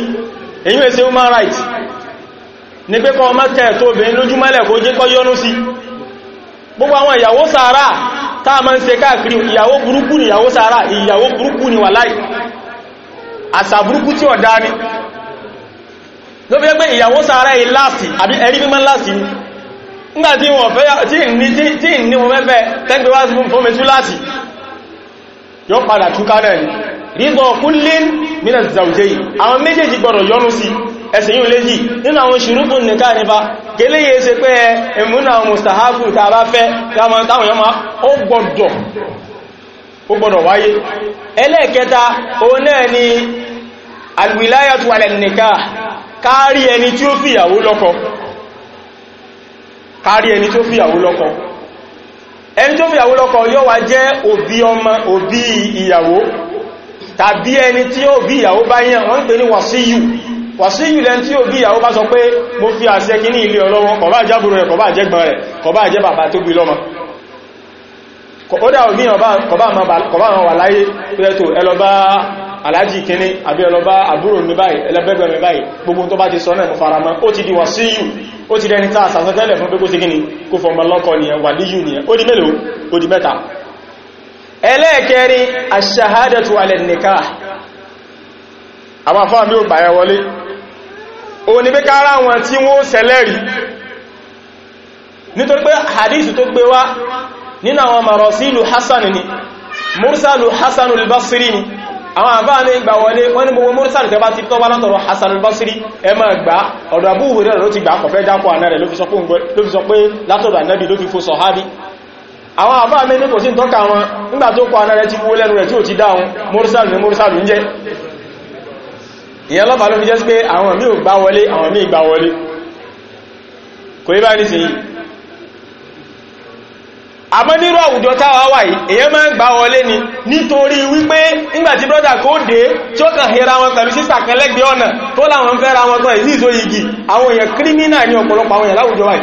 èyí rẹ̀ ṣe woman right ní pé kọ́ ọmọ tẹ́ẹ̀ obìnrin lójúmọ́lẹ̀ kó gbogbo àwọn ìyàwó sàárà nígbà tí wọ́n fẹ́ tí ní mo mẹ́fẹ́ tẹ́gbẹ̀ wá sí fún mẹ́tú láti yóò padà túká náà ni rígbọ́ kúlín nínà ìzàwùjẹ́ yìí àwọn méjèèjì gbọ́dọ̀ yọnu sí ẹ̀sìn yìí léjì nínú àwọn ṣùrùkùn nìká nípa gẹ́lẹ́ yìí ṣe pé ẹmúnà mustahabu tàbá fẹ́ táwọn yọmọ ó gbọ́dọ̀ wáyé ẹlẹ́ẹ̀kẹta òun náà ni alwilayatu ala nikah kárí ẹni tí ó fìyàwó lọ́kọ kárí ẹni tó fìyàwó lọ́kọ ẹni tó fìyàwó lọ́kọ yóò wá jẹ́ òbí ọmọ òbí ìyàwó tàbí ẹni tí ó bí ìyàwó bá yẹn wọ́n ń pè ní wàsíyù wàsíyù lẹ́n tí ó bí ìyàwó bá sọ pé mo fi àṣẹ kí ní ilé ọlọ́wọ́ kọ̀bá àjábùrú rẹ̀ kọ̀bá àjẹ́gbọ́n rẹ̀ kọ̀bá àjẹ́ bàbá tó gbé lọ́mọ kọ̀bá àwọn wà láyé pẹ́ẹ̀tò ẹlọ́bá aláàjì kìíní àbí ọlọ́bá àbúrò ní báyìí ẹlẹ́bẹ̀gbẹ̀ mi báyìí gbogbo tó bá ti sọ náà mo fara mọ́ ó ti di wà sí yù ó ti rẹni táà sàtẹ́lẹ̀ fún gbogbo sígíní kó fọmọ lọ́kọ nìyẹn wà líyù nìyẹn ó di mélòó ó di mẹ́ta ẹlẹ́ẹ̀kẹrin ní pé kára hassan ni mursalu hassan al-basri ni àwọn àbá ní gbà wọlé wọ́n ní gbogbo mursal tẹ́ ti tọ́ bá látọ̀rọ̀ Hasan al-Basri ẹ máa gbà ọ̀dọ̀ Abu Hurairah ló ti gbà kọ̀fẹ́ dákọ̀ àná rẹ̀ ló fi sọ pé látọ̀dọ̀ ànábì ló fi fò sọ̀hábí àwọn àbá mi ní kò sí tọ́ka wọn nígbà tó kọ àná rẹ̀ ti wó lẹ́nu rẹ̀ tí ò ti dáhùn mursal ní mursal ń àmọ́ nírú àwùjọ táwa wà yìí èyàn máa ń gbà wọlé ni nítorí wípé nígbàtí brọ́dà kó dé tí ó kàn hera wọn pẹ̀lú sísà kan lẹ́gbẹ̀ẹ́ ọ̀nà tó láwọn fẹ́ra wọn tán ìsí ìsó igi àwọn èèyàn kírímínà ní ọ̀pọ̀lọpọ̀ àwọn èèyàn láwùjọ wà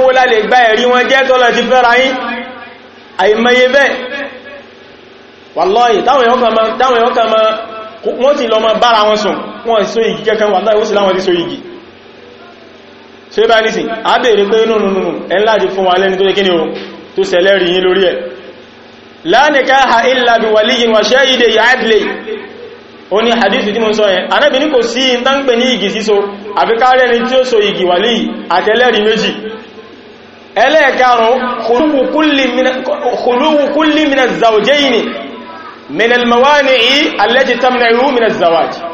yìí la lè gba ẹ̀rí wọn jẹ́ tọ́lọ ti fẹ́ra yín àìmọye bẹ́ẹ̀ wàlọ́yìn táwọn èèyàn kan máa wọ́n ti lọ máa bára wọn sùn wọ́n so igi kẹ́kẹ́ wà láì ó sì láwọn ti so igi ṣe bá ní sí àbèèrè pé nínú nínú ẹ láti fún wa lẹ́ni tó jẹ́ kí ni o tó sẹlẹ̀ rí yín lórí ẹ̀ la nikaha illa bi waliyin wa shahidi ya'dli ó ní hadith tí mo sọ yẹn Ànábì ní kò sí in ní igi síso àfi káàrẹ́ ni tí ó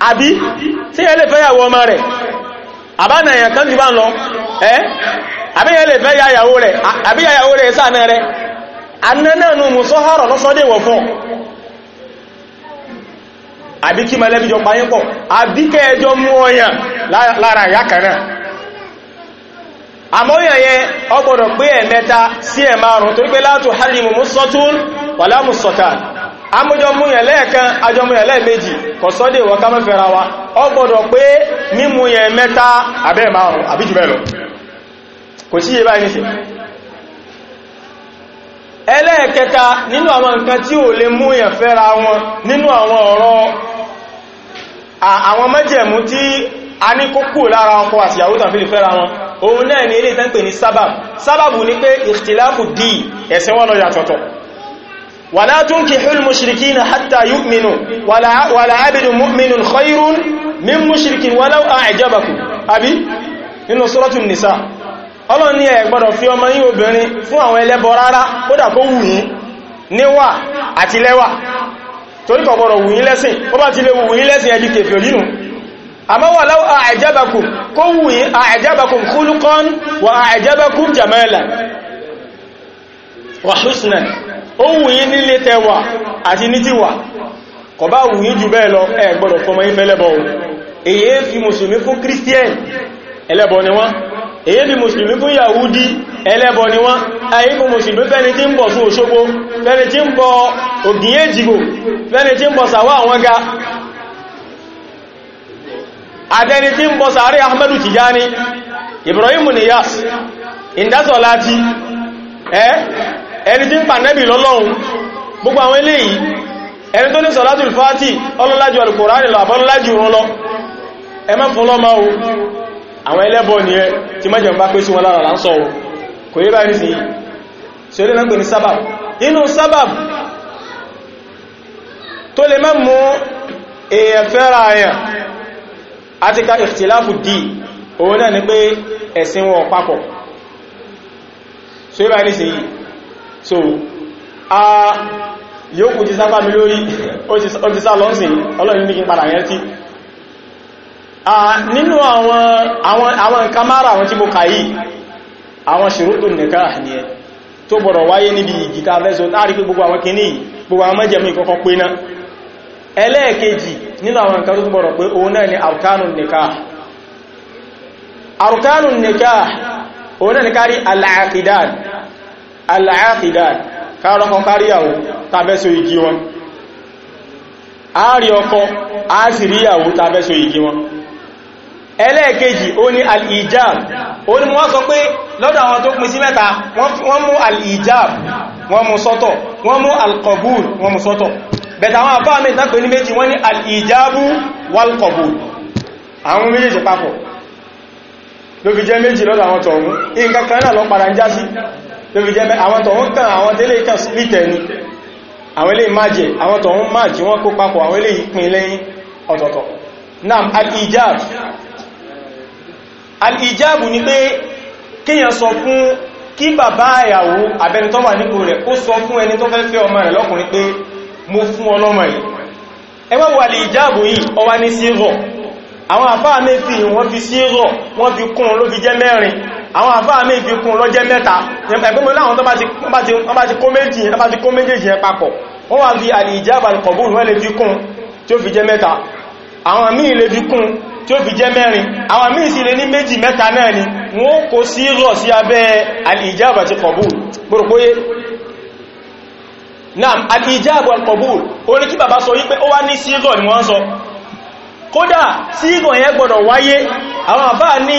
àbí tí yẹn lè fẹ́ yàwó ọmọ rẹ̀ àbánà èèyàn kan jù bá ń lọ ẹ́ àbí yẹn lè fẹ́ yàwó rẹ̀ àbí yàwó rẹ̀ sáànà rẹ̀ anánàánú musọ́hárọ̀ lọ́sọ́dẹ̀wọ̀ fún àbí kí mẹ́lẹ́bíjọ payínkọ̀ àbí kẹjọ mú ọyàn lára ìyá kanáà àmọ́yàn yẹn ọgbọ̀dọ̀ pé ẹ̀mẹ́ta sí ẹ̀márùn torípé látò hálìmù mú sọ́tún wà sọ̀tàn amójọ mú yẹn lẹ́ẹ̀kan ajọ mú yẹn lẹ́ẹ̀mejì kò sọ́dẹ̀ wọ́n ká mẹ́fẹ́ra wa ọ gbọ́dọ̀ pé mímú yẹn mẹ́ta abẹ́ márùn àbí jù bẹ́ẹ̀ lọ kò sí yẹ báyìí nìsẹ̀ ẹlẹ́ẹ̀kẹta nínú àwọn nǹkan tí ò lè mú fẹ́ra wọn nínú àwọn ọ̀rọ̀ àwọn mẹ́jẹ̀mú tí a ní kókò lára ọkọ àti ìyàwó tàn fi lè fẹ́ra wọn òun náà ni ilé ìtẹ́ ń pè ní sábàbù sábàbù ni pé ìtìláfù dì ẹ̀sìn wọn lọ yàtọ̀tọ̀ ولا تنكحوا المشركين حتى يؤمنوا ولا ولا عبد مؤمن خير من مشرك ولو اعجبكم ابي nínú suratul nisa Ọlọ́run ní ẹ gbọ́dọ̀ fi ọmọ yín obìnrin fún àwọn ẹlẹ́bọ rárá kódà kó wù yín níwà àti lẹ́wà torí kò gbọ́dọ̀ wù yín lẹ́sìn ó bá ti lè wù yín lẹ́sìn ẹjú kèfèrí nínú àmọ́ walau a'jabakum kó wù yín a'jabakum khuluqan wa a'jabakum jamalan wà húsùnà ó nílé tẹwà àti ní kọ bá wùyí jù bẹ́ẹ̀ lọ ẹ fọmọ yí fẹ́lẹ́bọ̀ èyí fi mùsùlùmí fún kírísítíẹ̀n ni wọ́n èyí fi mùsùlùmí fún yahudi ẹlẹ́bọ ni wọ́n ayé fún mùsùlùmí fẹ́ni tí ń bọ̀ sí òṣogbo fẹ́ni tí ga ẹni tí ń pa nẹ́bì lọ́lọ́run gbogbo àwọn eléyìí ẹni tó ní sọ̀látùl fàátì ọlọ́lájú alùkùránì lọ àbọ́lọ́lájú wọn lọ ẹ má fún lọ́mọ o àwọn ẹlẹ́bọ ni ẹ tí mẹ́jọ bá pé sí wọn lára láńsọ o kò yé báyìí sí ṣe lè mẹ́gbẹ̀ ní sábàb nínú sábàb tó lè mẹ́ mú èèyàn fẹ́ra àyàn àti ká ìfìtìláfù dì òun náà ni pé ẹ̀sìn wọn papọ̀ ṣe so a yóò ti mi lórí ti a nínú àwọn nǹkan mara àwọn tí mo kà yìí àwọn nìkan ní ẹ tó bọ̀rọ̀ wáyé níbi ìgìta fẹ́sọ láàrí pé gbogbo àwọn kìíní gbogbo àwọn pé náà ni òun náà ni kárí aláàkìdá kárọ́kọ káríyàwó tàbẹ́sọ igi wọn àárí ọkọ àásìríyàwó tàbẹ́sọ igi wọn ẹlẹ́ẹ̀kejì ó ní al-ijab ó ní wọ́n sọ pé lọ́dọ̀ àwọn tó pín sí mẹ́ta wọ́n mú al-ijab wọ́n mú sọ́tọ̀ wọ́n mú al-qabul wọ́n mú sọ́tọ̀ bẹ̀tà àwọn àbá mẹ́ta pè ní méjì wọ́n ní al-ijabu wal-qabul àwọn méjèèjì papọ̀ ló fi jẹ́ méjì lọ́dọ̀ àwọn tọ̀hún ló fi jẹ́ pé àwọn tọ̀hún kàn àwọn tẹ́lẹ̀ kàn splítẹ̀ ni àwọn ilé májẹ̀ àwọn tọ̀hún májì wọ́n kó papọ̀ àwọn ilé ìpín lẹ́yìn ọ̀tọ̀ọ̀tọ̀ nam al-ijab al-ijab ni pé kíyàn sọ fún kí bàbá ìyàwó abẹni tó wà nípò rẹ̀ ó sọ fún ẹni tó fẹ́ fẹ́ ọmọ rẹ̀ lọ́kùnrin pé àwọn àfáà ní ìfikún lọ́jẹ́ mẹ́ta ẹgbẹ́mọ́ láwọn tó bá ti kó méjì bá ti kó méjèèjì yẹn papọ̀ wọ́n wá fi al-ijaba al-qabul wọ́n lè fi kún tí ó fi jẹ́ mẹ́ta àwọn míì lè fi kún tí ó fi jẹ́ mẹ́rin àwọn míì sì lè ní méjì mẹ́ta náà ni wọ́n kó sí rọ̀ sí abẹ́ al-ijaba ti qabul gbòrògbóyé naam al-ijaba al-qabul orí kí bàbá sọ wípé ó wá ní sí rọ̀ ni wọ́n sọ kódà sí rọ̀ yẹn gbọ́dọ̀ wáyé àwọn àfáà ní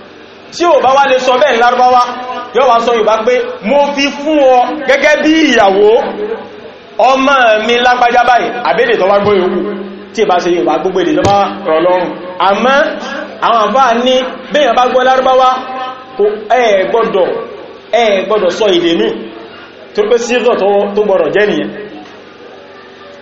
tí ò bá wá lè sọ bẹ́ẹ̀ lárúbáwá yóò wá sọ Yorùbá pé mo fi fún ọ gẹ́gẹ́ bí ìyàwó ọmọ mi lágbájá báyìí àbẹ́dẹ̀ tó wá gbọ́ yòókù tí ìbá ṣe Yorùbá gbogbo èdè tó bá rọ̀ lọ́rùn àmọ́ àwọn àbá ní bẹ́yàn bá gbọ́ lárúbáwá ẹ gbọ́dọ̀ ẹ sọ èdè mi tó pé sí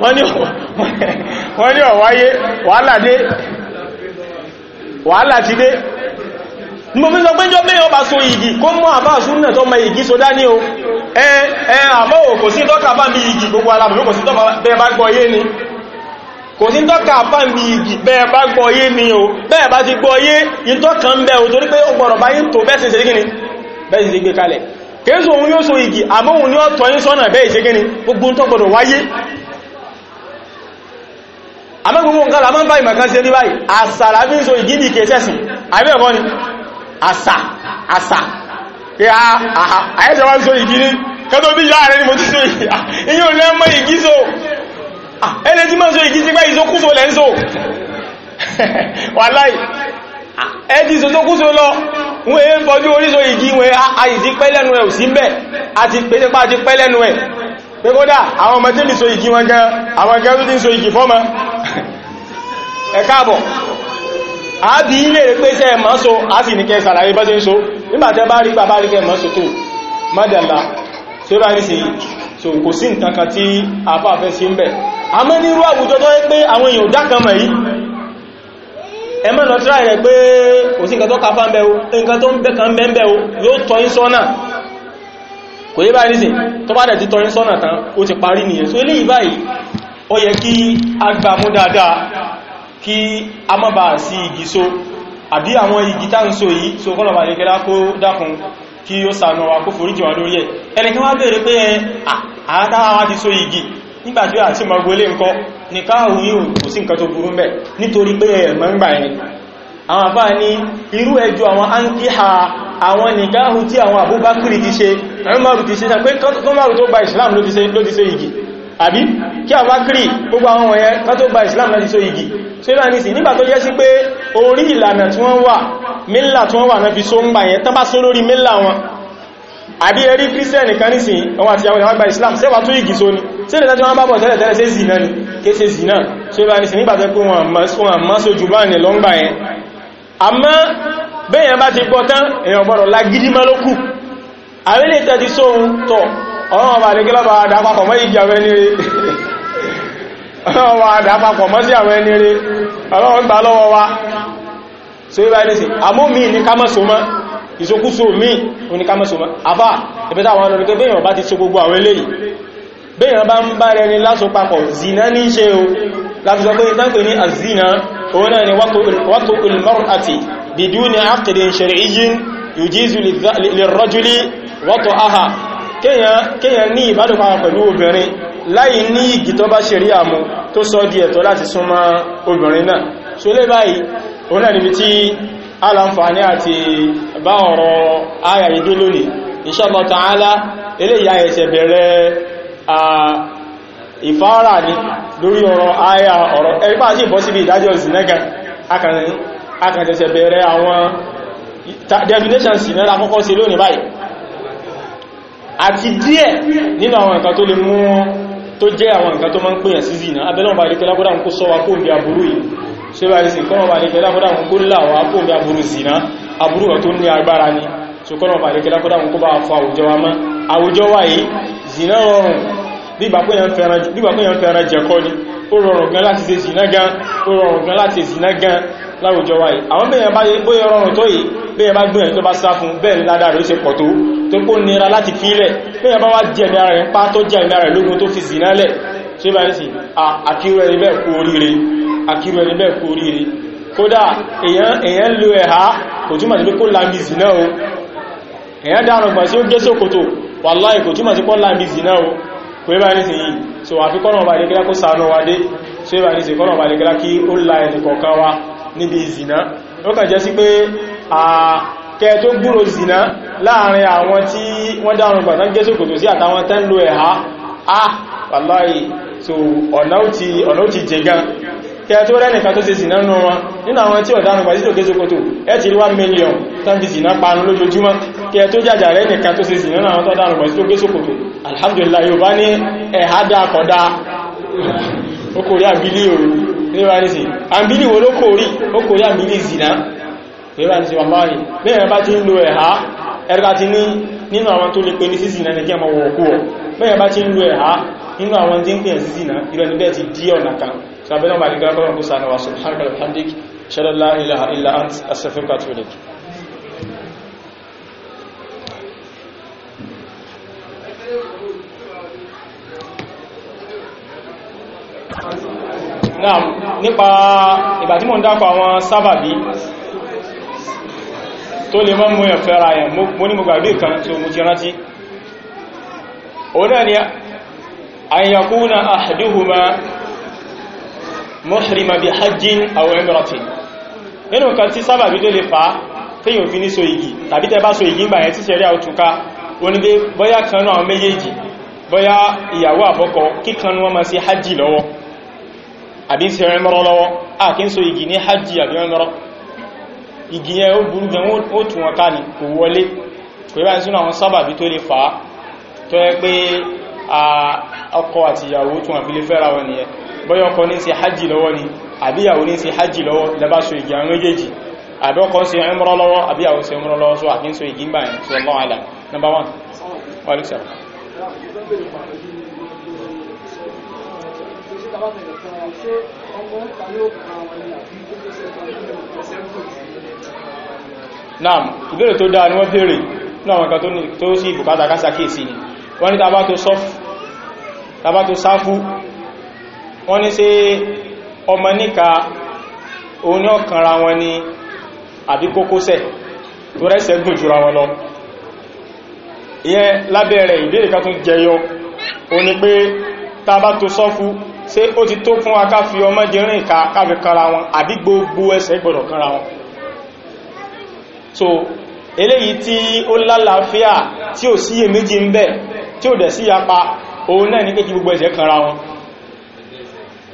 wọ́n ni ọ̀wáyé wàhálà dé wàhálà ti dé mo fi sọ pé jọ ọba so igi kó mọ́ àbá súnnà tó mọ igi so dání o ẹ ẹ àmọ́ ò kò sí tọ́ka bá mi igi gbogbo alamọ̀ kò sí tọ́ka bẹ́ẹ̀ bá gbọ́ yé ni kò sí tọ́ka bá mi igi bẹ́ẹ̀ bá gbọ́ yé ni o bẹ́ẹ̀ ti yé àmọ́ gbogbo nǹkan la máa ń bá ìmọ̀kan ṣe ní báyìí àṣà la fi ń so ìgídì kẹsẹ̀sìn àbẹ́ ẹ̀kọ́ ni àṣà àṣà pé àyẹ́sẹ̀ wá ń so ìgídì kẹ́tọ́ bí yá rẹ̀ ni mo ti so ah, ìyún lẹ́mọ́ ìgíso ah, ẹni tí máa so ìgídì pẹ́ ìsókúso lẹ́ ń so [LAUGHS] wàláì ah, ẹni ìsókúso lọ wọ́n èé fọjú oríso ìgí wọn àìsí pẹ́ lẹ́nu ẹ̀ ò sí mbẹ̀ àti pẹ́sẹ́pá àti pẹ́ lẹ́nu ẹ̀ pé kódà àwọn ọmọ tí mi so ìgí ẹ a bí ilé pé sẹ́ so a sì ní kẹ́ sàlàyé bọ́ sí ń so nígbàtẹ́ bá rí bàbá so tó mọ́dẹ̀lá tí so kò sí nǹkan tí àfá fẹ́ sí ń bẹ̀ a mọ́ nírú àwùjọ tó pé àwọn èèyàn dákan mọ̀ yìí ẹ mọ́ lọ tíráì rẹ̀ pé kò sí nǹkan tó ń o nǹkan tó ń kan o yóò tọ́ kí a má bàá sí igi so àbí àwọn igi tá ń so yìí so kọ́lọ̀bà lè kẹ́lá kó dákun kí ó sàánà wa kó foríjì wa lórí ẹ̀ ẹnìkan wá bèèrè pé àádára wá ti so igi nígbàtí àti magbólé nǹkan ní káàrùn yíò kò sí nǹkan tó burú mẹ́ nítorí pé ẹ̀mọ́ ń gbà ẹni àwọn àbá tí àwọn Abubakar ti ṣe Umaru ti ṣe pé kọ́mọ̀rù tó gba Islam ló ti ṣe igi àbí kí a bá kiri gbogbo àwọn wọ̀nyẹn tó gba islam náà ti so igi so ìlànà ìsìn nígbà tó yẹ sí pé orí ìlànà tí wọ́n wà mílà tí wọ́n wà náà fi so ń gbà yẹn tán bá so lórí mílà wọn àbí ẹrí kírísẹ́nì kan nísìn islam sẹ́wà tó igi so ni sí ìrìnàjò wọn bá bọ̀ tẹ́lẹ̀ tẹ́lẹ̀ sí ni kése zina so ìlànà ìsìn nígbà tó pé wọn mọ́ so jù bá ní lọ́ngbà yẹn àmọ́ bẹ́yẹn bá ti gbọ́ àwọn ilé ọlọ́wọ́ bá lékí lọ́bàá àdápapọ̀ mọ́ ìgbì àwọn ẹni rí ọlọ́wọ́ bá àdápapọ̀ mọ́ sí àwọn ẹni rí ọlọ́wọ́ gbà lọ́wọ́ wa so mi ní ká mọ́ sọmọ́ ìsokúso mi ní ká mọ́ sọmọ́ àbá ìbẹ́ta àwọn olùkẹ́ bẹ́yàn bá ti so gbogbo àwọn eléyìí ń bá rẹ ni lásọ papọ̀ zina ní ṣe o láti sọ pé ìtànkù ní àzina òun náà ni waqtu al-mar'ati biduni 'aqdin shar'iyyin yujizu lirrajuli waqtaha kéèyàn ní ìbádọ́pàá pẹ̀lú obìnrin láì ní ìgì tó bá ṣe rí àmú tó sọ di ẹ̀tọ́ láti súnmọ́ obìnrin náà so lé báyìí òun náà níbi tí alamfàní àti bá ọ̀rọ̀ ayà ìdó lónìí Insha Allah Ta'ala eléyà ẹ̀ṣẹ̀ bẹ̀rẹ̀ ìfárà ní lórí ọ̀rọ̀ ayà ọ̀rọ̀ ẹgbà àti díẹ̀ nínú àwọn nǹkan tó lè mú tó jẹ́ àwọn nǹkan tó máa ń pèyàn sí zina abẹ́lọ́wọ̀n bá lè tẹ́lá bọ́dá kó sọ wa kó ń bí aburú yìí ṣe bá lè sì kọ́nà bá lè tẹ́lá bọ́dá kó láwá kó ń bí zina aburú tó ní agbára ni so kọ́nà bá lè tẹ́lá zina rọrùn bígbà pé yàn zina gan láwùjọ wa yìí àwọn bẹ́ẹ̀ bá bóyẹ rọrùn tó yìí bẹ́ẹ̀ bá gbìyànjú tó bá sá fún bẹ́ẹ̀ ládàá rẹ̀ ó ṣe pọ̀ tó tó kó nira láti fílẹ̀ bẹ́ẹ̀ bá wá jẹ̀mí ara rẹ̀ ń pa tó jẹ̀mí ara rẹ̀ lógun tó fi sì nálẹ̀ ṣé bá ń sì àkírò ẹni bẹ́ẹ̀ kú oríire àkírò ẹni bẹ́ẹ̀ kú oríire kódà èèyàn lo ẹ̀há kò so àfikọ́nà ọba ìdíkẹ́lá kó sànú wa dé ṣé bá ní sìn kọ́nà ọba ìdíkẹ́lá kí ó la ẹnì kọ̀ọ̀kan níbi ìzìná ó kàn jẹ́ sí pé àkẹ tó gbúrò zìná láàrin àwọn tí wọ́n dárùn gbà tán gẹ́sù kòtò sí àtàwọn tán ẹ̀há ah wàláì so ọ̀nà ó ti jẹ gan kẹ tó rẹ́nìkan tó ṣe zìná nù wọn nínú àwọn tí ọ̀dánù gbà títò gẹ́sù kòtò ẹ ti rí 1 million tán fi zìná panu lójoojúmọ́ kẹ tó jàjà rẹ́nìkan tó ṣe zìná náà tó dánù gbà títò gẹ́sù kòtò alhamdulillah yóò bá ní ẹ̀há dákọ̀dá okòrí àbílí òru níwá ní sí àmbílì wo ló kòrí ó kòrí àmbílì zìnà níwá ní sí wàláhì bẹ́ẹ̀ bá ti ń lo ẹ̀há ẹ̀rẹ́bá ti ní nínú àwọn tó lè pè ní sísìnà ní kí ọmọ wọ̀kú ọ̀ bẹ́ẹ̀ bá ti ń lo ẹ̀há nínú àwọn tí ń pè sísìnà ìrọ̀ níbẹ̀ ti dí ọ̀nà kan sàbẹ́nà bá ní gbákọ́rọ̀ Thank you náà nípa ìgbà tí mo ń dákọ̀ àwọn sábàbí tó lè mọ́ mú ẹ̀ fẹ́ra ẹ̀ mo ní mo gbàgbé kan tí mo ti rántí òun náà ni àyàkúnà àdúhùmá mọ́ṣírímà bí hajjín àwọn emiratin nínú kan tí sábàbí tó lè fa fíyàn fi ní so igi tàbí tẹ bá so igi gbà ẹ̀ tí bọ́yá ìyàwó àbọ́kọ kíkanú wọn ma sí hajji lọ́wọ́ àbí ń ṣe umrah lọ́wọ́ a kì ń so igi ní hajji àbí umrah igi yẹn ó burú gan ó tún wọn ká ní kò wọlé kò yíba sínú àwọn sábàbí tó lè fàá tó yẹ pé ọkọ àti ìyàwó tún àfi lè fẹ́ra wọn nìyẹn bóyá ọkọ ní ṣe hajji lọ́wọ́ ni àbí ìyàwó ní ṣe hajji lọ́wọ́ lẹ́bá so igi àwọn méjèèjì àbí ọkọ ṣe umrah lọ́wọ́ àbí ìyàwó ṣe umrah lọ́wọ́ tàbá tẹ̀lé fún wọn ṣé ọmọ ta ni ó kàn wọn ni àbí ó tó ṣe fún wọn ẹsẹ̀ ń pè sí. naam ìbéèrè tó dáa ni wọ́n béèrè ní àwọn kan tó sì bùkátà kásàkíyèsí ni wọ́n ní tàbá tó sọ́fù tàbá tó sáfú wọ́n ní ṣé ọmọ níka òun ní ọ̀kanra wọn ni àbí kókósẹ̀ tó rẹ́sẹ̀ gùn jùra wọn lọ ìyẹn lábẹ́ rẹ̀ ìbéèrè kan tún jẹyọ ṣé ó ti tó fún wa ká fi ọmọ jẹrin ìka káfi kanra wọn àbí gbogbo ẹsẹ̀ gbọ́dọ̀ kanra wọn so eléyìí tí ó lálàáfíà tí ò sí èméjì ń bẹ̀ tí ò dẹ̀ sí yapa òun náà ní pé kí gbogbo ẹsẹ̀ kanra wọn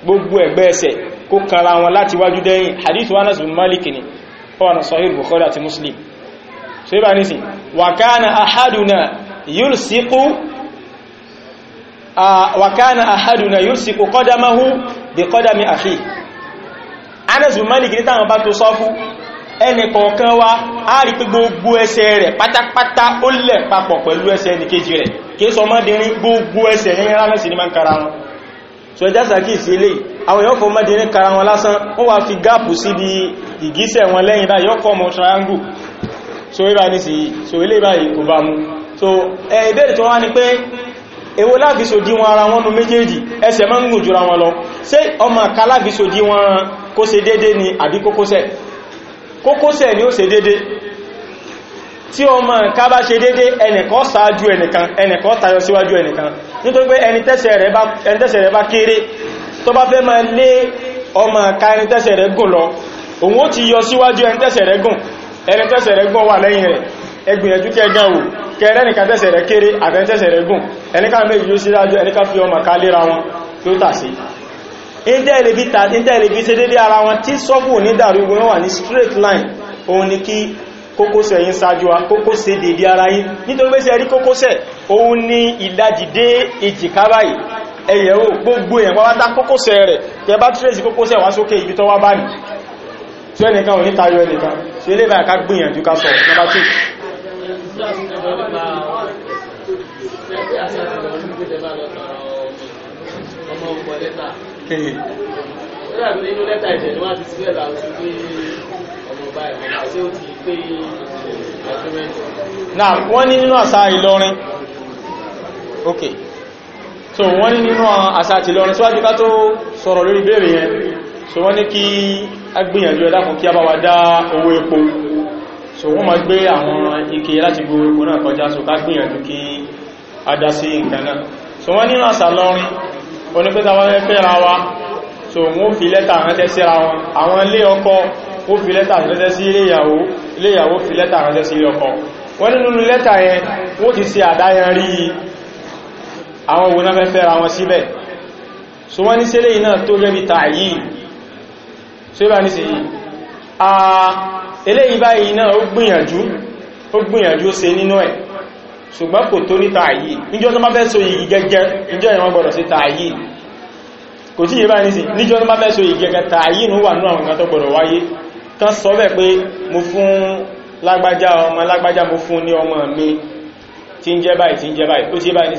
gbogbo ẹ̀gbẹ́ ẹsẹ̀ kó kanra wọn láti wájú dẹ́yìn hadithu Anas bin Malik ni fọ́nà sahih Bukhari àti Muslim so ibà nísìn wa kana ahaduna yulsiqu wàkánà àhàdùnà yóò sì kò kọ́dá máhú bí kọ́dá mi àfi anẹ́sù malik ní tàwọn bá tó sọ ẹni kọ̀ọ̀kan wá a rí pé gbogbo ẹsẹ̀ rẹ̀ pátápátá ó lẹ̀ papọ̀ pẹ̀lú ẹsẹ̀ ẹni kejì rẹ̀ kí sọ mọ́dínrín gbogbo ẹsẹ̀ ní ránẹ́sì ní máa ń kara wọn so ẹjá sàkíyèsí ilé àwọn èèyàn fọ mọ́dínrín kara wọn lásán ó wá fi gáàpù síbi ìgísẹ̀ wọn lẹ́yìn báyìí yọ́kọ̀ ọmọ triangle so ibà ní sí so ilé ìbáyìí kò bá so ẹ̀ ìbéèrè tó pé èwo láàfisò dí wọn ara wọn nú méjèèjì ẹsẹ̀ máa ń gùn jùra wọn lọ ṣé ọmọ àká láàfisò dí wọn kó ṣe dédé ni àbí kókósẹ̀ kókósẹ̀ ni ó ṣe dédé tí ọmọ àká bá ṣe dédé ẹnìkan ṣáájú ẹnìkan ẹnìkan tayọ síwájú ẹnìkan nítorí pé ẹni tẹ́sẹ̀ rẹ̀ bá kéré tó bá fẹ́ máa lé ọmọ àká ẹni tẹ́sẹ̀ rẹ̀ gùn lọ òun ó ti yọ síwájú ẹni tẹ́sẹ̀ rẹ̀ gùn ẹni tẹ́sẹ̀ rẹ̀ gùn wà lẹ́yìn rẹ̀ ẹgbìyànjú kẹgbẹ́ wò kẹrẹ nìkan tẹ́sẹ̀ rẹ̀ kéré àbẹ́ntẹ́sẹ̀ rẹ̀ gùn ẹníká méjì yóò sílájú ẹníká fi ọmọ ká léra wọn tó tà sí ìntẹ́ẹ̀lẹ́bí ṣe dédé ara wọn tí sọ́fù ní dàrúgbò wà ní straight line òun ni kí kókósẹ̀ yín sáájú wa kókósẹ̀ dédé ara yín nítorí pé ṣe rí kókósẹ̀ òun ni ìdájìdé èjìká báyìí ẹ̀yẹ̀ o gbogbo èèyàn pàwátá kókósẹ̀ rẹ̀ tẹ bá tírèsì kókósẹ̀ wá sókè ibi tọ́wá bá ní tí ẹnìkan ò ní tayọ ẹnìkan ṣe lè báyà ká gbìyànjú ká sọ number two kí ni nígbà tó nínú lẹ́tà ìṣẹ̀ ni wọ́n ti sílẹ̀ láwọn sí pé ọmọ ọba ní nínú àṣà Ìlọrin ok so wọ́n ní nínú àṣà ti Ìlọrin síwájú ká tó sọ̀rọ̀ lórí béèrè yẹn so wọ́n ní kí agbìyànjú ẹ̀dá fún kí a bá wa dá owó epo so wọ́n ma gbé àwọn ike láti gbogbo náà kọjá so ká gbìyànjú kí a dá sí nǹkan náà so wọ́n nínú àṣà lọ́rin onípẹ́ta wọ́n fẹ́ ra wa so wọ́n fi lẹ́tà ránṣẹ́ síra wọn àwọn ilé ọkọ ó fi lẹ́tà ránṣẹ́ sí ilé fi lẹ́tà ránṣẹ́ sí ilé ọkọ wọ́n nínú lẹ́tà yẹn wọ́n ti ṣe àdáyanrí àwọn òun náà fẹ́ ra wọn síbẹ̀ so wọ́n ní sílé yìí náà tó gẹ́bi tààyí so yíba ní sí eléyìí báyìí náà ó gbìyànjú ó gbìyànjú ó ṣe nínú ẹ̀ ṣùgbọ́n kò tó ní tààyí níjọ́ tó má fẹ́ so yìí gẹ́gẹ́ níjọ́ ìwọ̀n gbọ́dọ̀ sí tààyí kò tí yìí bá nísìn níjọ́ tó má fẹ́ so yìí gẹ́gẹ́ tààyí nù wà ní àwọn nǹkan tó gbọ́dọ̀ wáyé tán sọ bẹ́ẹ̀ pé mo fún lágbájá ọmọ lágbájá mo fún ní ọmọ mi tí ń jẹ́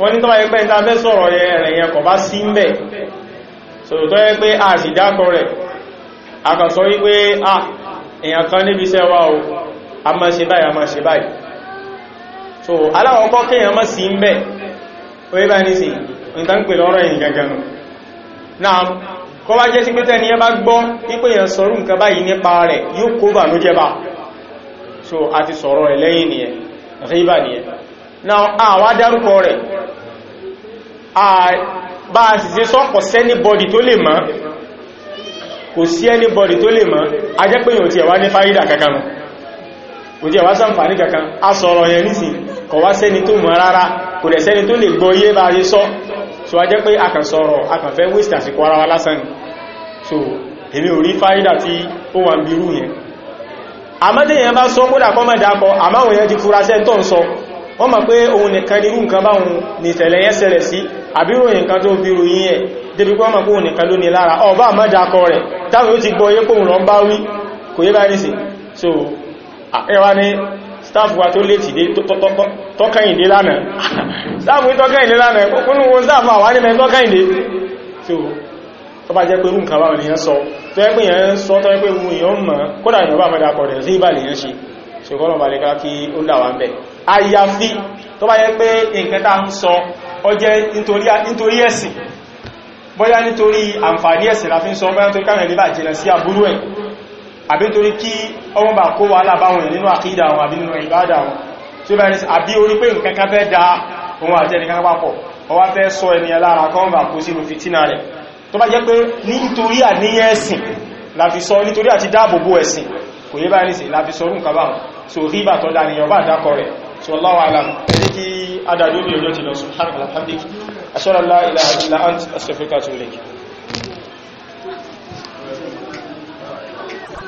wọ́n ní tọ́wàá pẹ́ ìta fẹ́ sọ̀rọ̀ rẹ̀ yẹn kọ̀ bá sí ń bẹ̀ sọ̀tọ́ yẹ pé a sì dákọ rẹ̀ a kàn sọ wípé a èyàn kan níbi iṣẹ́ wa o a máa ṣe báyìí a máa ṣe báyìí so aláwọ̀kọ́ kéèyàn má sí ń bẹ̀ ó yẹ báyìí sí ìta ń pè lọ́rọ̀ ẹ̀yìn gangan na ah, àwa dárúkọ rẹ̀ ah, bá a sì ṣe sọ́pọ̀ sí anybody tó lè mọ̀ kò sí anybody tó lè a jẹ́ pé yóò ti ẹ̀wà ní fáyídà kankan kò tí ẹ̀wà kankan a sọ̀rọ̀ yẹn nìsìn kọ̀ wá sẹ́ni tó mọ̀ rárá kò dẹ̀ sẹ́ni tó lè a sọ so a jẹ́ pé a kàn sọ̀rọ̀ a kàn fẹ́ waste so àmọ́dé yẹn bá sọ kódà kọ́ yẹn ti fura sẹ́ntọ́ ń wọ́n ma pé òun nìkan nírú nǹkan báhùn ní ìṣẹ̀lẹ̀ yẹn ṣẹlẹ̀ sí àbíròyìn kan tó fi ròyìn ẹ̀ débi pé wọ́n mọ̀ pé òun nìkan ló ní lára ọba àmọ́dakọ rẹ̀ táwọn yóò ti gbọ́ yé kóhùn lọ bá wí kò yé bá ní sí ma wa tó lè tìdé tọ́kàyìndé lánàá àyàfi tó bá yẹ pé nǹkan tá ń sọ ó jẹ́ nítorí ẹ̀sìn bóyá nítorí àǹfààní ẹ̀sìn la fi ń sọ bóyá nítorí káàrin níbà jìnà sí àbúrú ẹ̀ àbí nítorí kí ọmọ bà kó wà lábáwọn nínú àkídà wọn àbí nínú ìbádà wọn tí ó bá ní àbí orí pé da ohun àti ẹnìkan papọ̀ ọwá fẹ́ sọ ẹni alára kọ́wọ́n bà kó kò yé bá sí la sọ orú nǹkan so rí bà tọ́ bá dákọ rẹ̀ والله أعلم ذلك أدى دوني وجهتنا سبحانك والحمدك أشهد أن لا إله إلا أنت أستغفرك وأتوب إليك